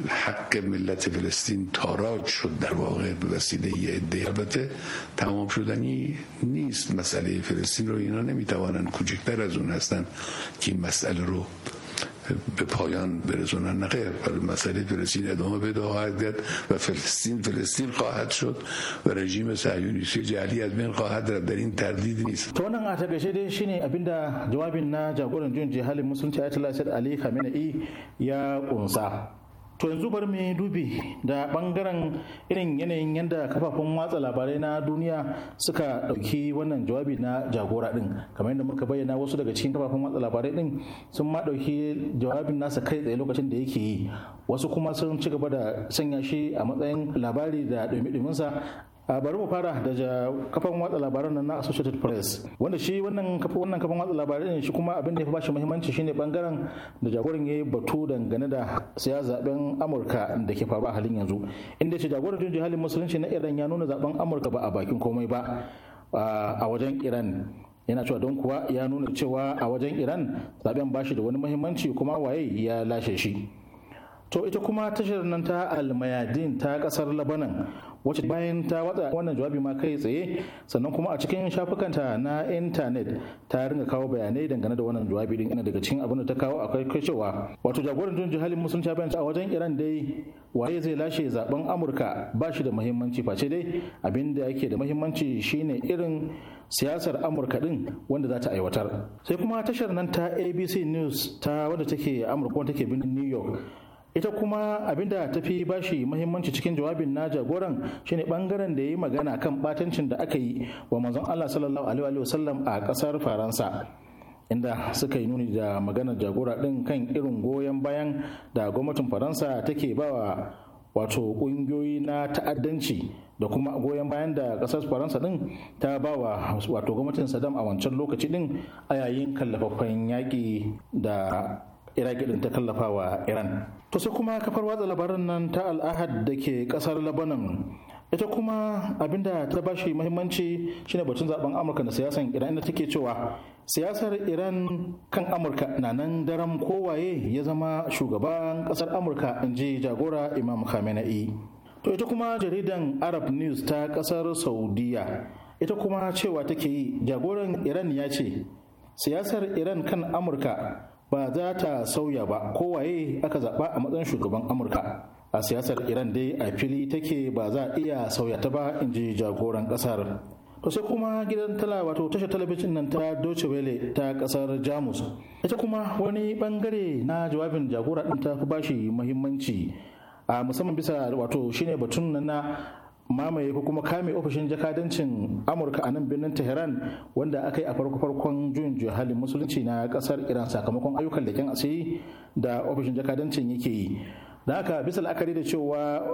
حق ملت فلسطین تاراج شد در واقع به وسیله یه عده البته تمام شدنی نیست مسئله فلسطین رو اینا نمیتوانند کوچکتر از اون هستن که این مسئله رو به پایان برزونن نخیر ولی مسئله فلسطین ادامه به خواهد کرد و فلسطین فلسطین خواهد شد و رژیم صهیونیستی جهلی از بین خواهد رفت در این تردید نیست چون اتا بشه دیشی نی ابین جوابی نه جاگورن جون جهال مسلم چایت علی خمین ای یا اونسا To yanzu bar mu dubi da bangaren irin yanayin yadda kafafen watsa labarai na duniya suka ɗauki wannan jawabi na jagora ɗin. Kamar yadda muka bayyana wasu daga cikin kafafen watsa labarai ɗin sun ma ɗauki jawabin nasa kai tsaye lokacin da yake yi. Wasu kuma sun ci gaba da sanya shi a matsayin labari da ɗumi-ɗuminsa bari mu fara da kafan watsa labaran nan na associated press wanda shi wannan kafan wannan kafan watsa labaran shi kuma abin da ya fi bashi muhimmanci shine bangaren da jagoran yayi batu dangane da siya zaben amurka da ke faru a halin yanzu inda shi jagoran jihalin musulunci na iran ya nuna zaben amurka ba a bakin komai ba a wajen iran yana cewa don kuwa ya nuna cewa a wajen iran zaben bashi da wani muhimmanci kuma waye ya lashe shi to ita kuma tashar nan ta almayadin ta kasar labanan wacce bayan ta watsa wannan jawabi ma kai tsaye sannan kuma a cikin shafukanta na intanet ta ringa kawo bayanai dangane da wannan jawabi din ina daga cikin abin da ta kawo akwai kai cewa wato jagoran jin halin musulunci bayan a wajen iran dai waye zai lashe zaben amurka ba shi da muhimmanci face dai abin da yake da muhimmanci shine irin siyasar amurka din wanda za ta aiwatar sai kuma tashar nan ta abc news ta wanda take amurka wanda take birnin new york ita kuma abinda ta fi bashi muhimmanci cikin jawabin na jagoran shine bangaren da ya yi magana kan batancin da aka yi wa manzon Allah sallallahu alaihi wasallam a kasar Faransa inda suka yi nuni da maganar jagora din kan irin goyon bayan da gwamnatin Faransa take bawa wato kungiyoyi na ta'addanci da kuma goyon bayan da kasar faransa din ta ba wa wato gwamnatin saddam a wancan lokaci din a yayin kallafafan yaƙi da iraki din ta kallafa wa iran To kuma kafar watsa labaran nan ta al'ahad da ke kasar Labanan. Ita kuma abinda ta bashi muhimmanci shine batun zaben Amurka da siyasan Iran inda take cewa siyasar Iran kan Amurka na nan daren kowaye ya zama shugaban kasar Amurka in ji jagora Imam Khamenei. To ita kuma jaridan Arab News ta kasar Saudiya ita kuma cewa take yi jagoran Iran ya ce siyasar Iran kan Amurka ba za ta sauya ba kowaye aka zaɓa a matsayin shugaban amurka a siyasar iran dai a fili take ba za a iya sauya ta ba in ji jagoran ƙasar to sai kuma gidan tala wato tashar talabijin nan ta Deutsche Welle ta ƙasar Jamus ita kuma wani bangare na jawabin jagora ɗin ta fi bashi muhimmanci a musamman bisa wato shine batun na mamaye ko kuma kame ofishin jakadancin amurka a nan birnin tehran wanda aka yi a farko-farkon juyin juya halin musulunci na kasar iran sakamakon ayyukan da kyan asiri da ofishin jakadancin yake yi da haka bisa la'akari da cewa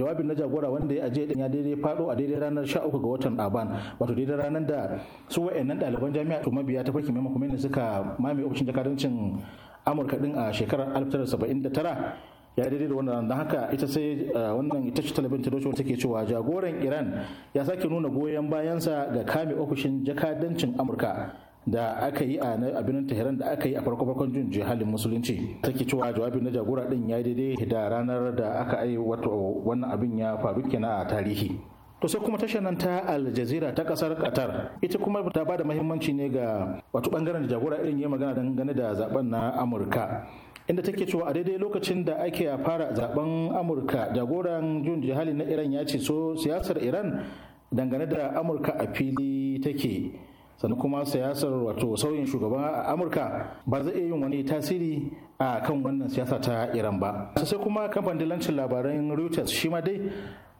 jawabin na jagora wanda ya aje din ya daidai fado a daidai ranar uku ga watan aban wato daidai ranar da su wa'annan ɗaliban jami'a tuma biya ta farki maimakon suka mame ofishin jakadancin amurka din a shekarar 1979 ya daidai da wannan don haka ita sai eh, wannan ita ce talabin ta doce take cewa jagoran iran ya sake nuna goyon bayansa ga kame ofishin jakadancin amurka da aka yi a birnin Tehran da aka yi a farko farkon jin jihalin musulunci take cewa jawabin na jagora din ya daidai da ranar da aka yi wato wannan abin ya faru kenan a tarihi to sai kuma tashar nan ta Al Jazeera ta kasar Qatar ita kuma ta bada da muhimmanci ne ga wato bangaren da jagora irin ya magana dangane da zaben na Amurka inda take cewa a daidai lokacin da ake fara zaben amurka jagoran jun jihali na iran ya ce so siyasar iran dangane da amurka a fili take sannan kuma siyasar wato sauyin shugaban a amurka ba zai iya yin wani tasiri a kan wannan siyasa ta iran ba sai kuma kamfanin dilancin labaran reuters shi ma dai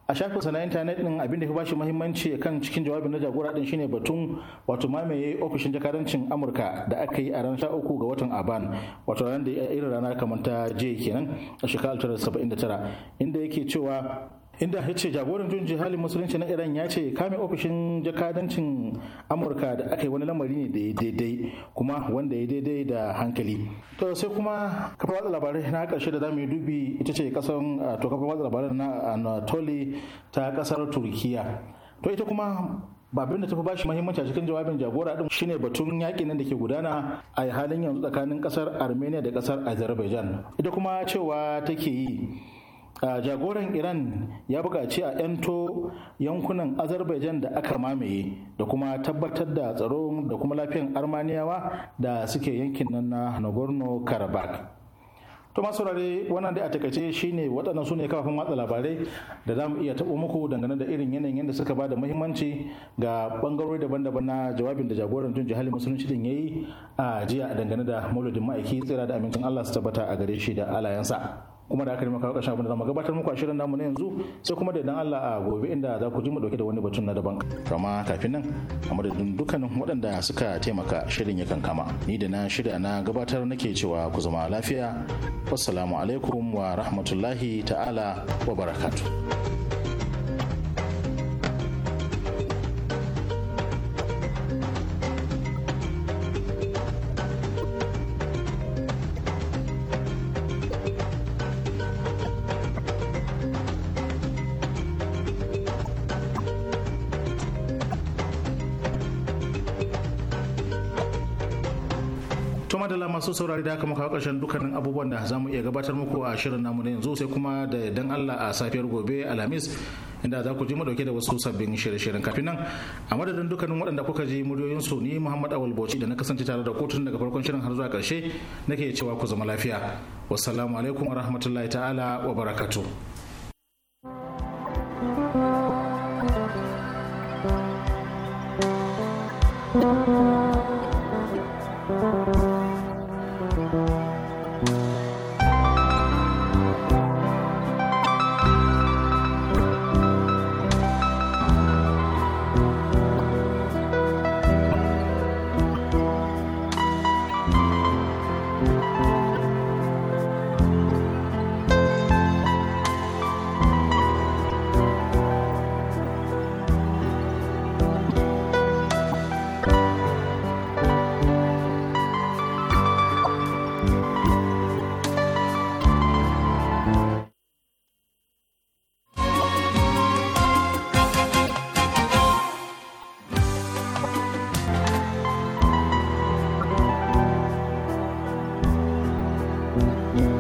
a shafinsa na intanet din abin da ya bashi muhimmanci kan cikin jawabin na jagora din shine batun wato mamaye ofishin jakarancin amurka da aka yi a ranar 13 ga watan aban wato ranar da irin rana kamar ta je kenan a shekarar 1979 inda yake cewa inda ya ce jagoran jun jihalin musulunci na iran ya ce kame ofishin jakadancin amurka da aka yi wani lamari ne da ya daidai kuma wanda ya daidai da hankali to sai kuma kafa watsa labarai na karshe da zamu yi dubi ita ce kasan to kafa watsa labarai na anatoli ta kasar turkiya to ita kuma babin da tafi ba shi muhimmanci a cikin jawabin jagora din shine batun yakin nan da ke gudana a halin yanzu tsakanin kasar armenia da kasar azerbaijan ita kuma cewa take yi jagoran iran ya buƙaci a 'yanto yankunan azerbaijan da aka mamaye da kuma tabbatar da tsaro da kuma lafiyan armaniyawa da suke yankin nan na nagorno karabakh to masu rare wannan dai a takaice shine waɗannan su ne kafafen watsa labarai da za mu iya taɓo muku dangane da irin yanayin yadda suka ba da muhimmanci ga ɓangarori daban-daban na jawabin da jagoran jun jihali musulunci din yi a jiya dangane da mauludin ma'aiki tsira da amincin allah su tabbata a gare shi da alayansa umar aka maka kawo abin da zama gabatar muku a shirin namu na yanzu sai kuma da idan Allah a gobe inda za ku ji mu dauke da wani batun na daban rama kafin nan a madadin dukkanin waɗanda suka taimaka shirin yakan kama ni da na shirya na gabatar nake cewa ku zama lafiya wassalamu alaikum wa rahmatullahi ta'ala wa barakatu. masu saurari da aka muka karshen dukkanin abubuwan da za mu iya gabatar muku a shirin namu na yanzu sai kuma da dan Allah a safiyar gobe alhamis inda za ku ji mu dauke da wasu sabbin shirye-shiryen kafin nan a madadin dukkanin waɗanda kuka ji muryoyin su ni Muhammad Awal Bauchi da na kasance tare da kotun daga farkon shirin har zuwa karshe nake cewa ku zama lafiya wassalamu alaikum wa rahmatullahi ta'ala wa barakatuh thank you Mm-hmm.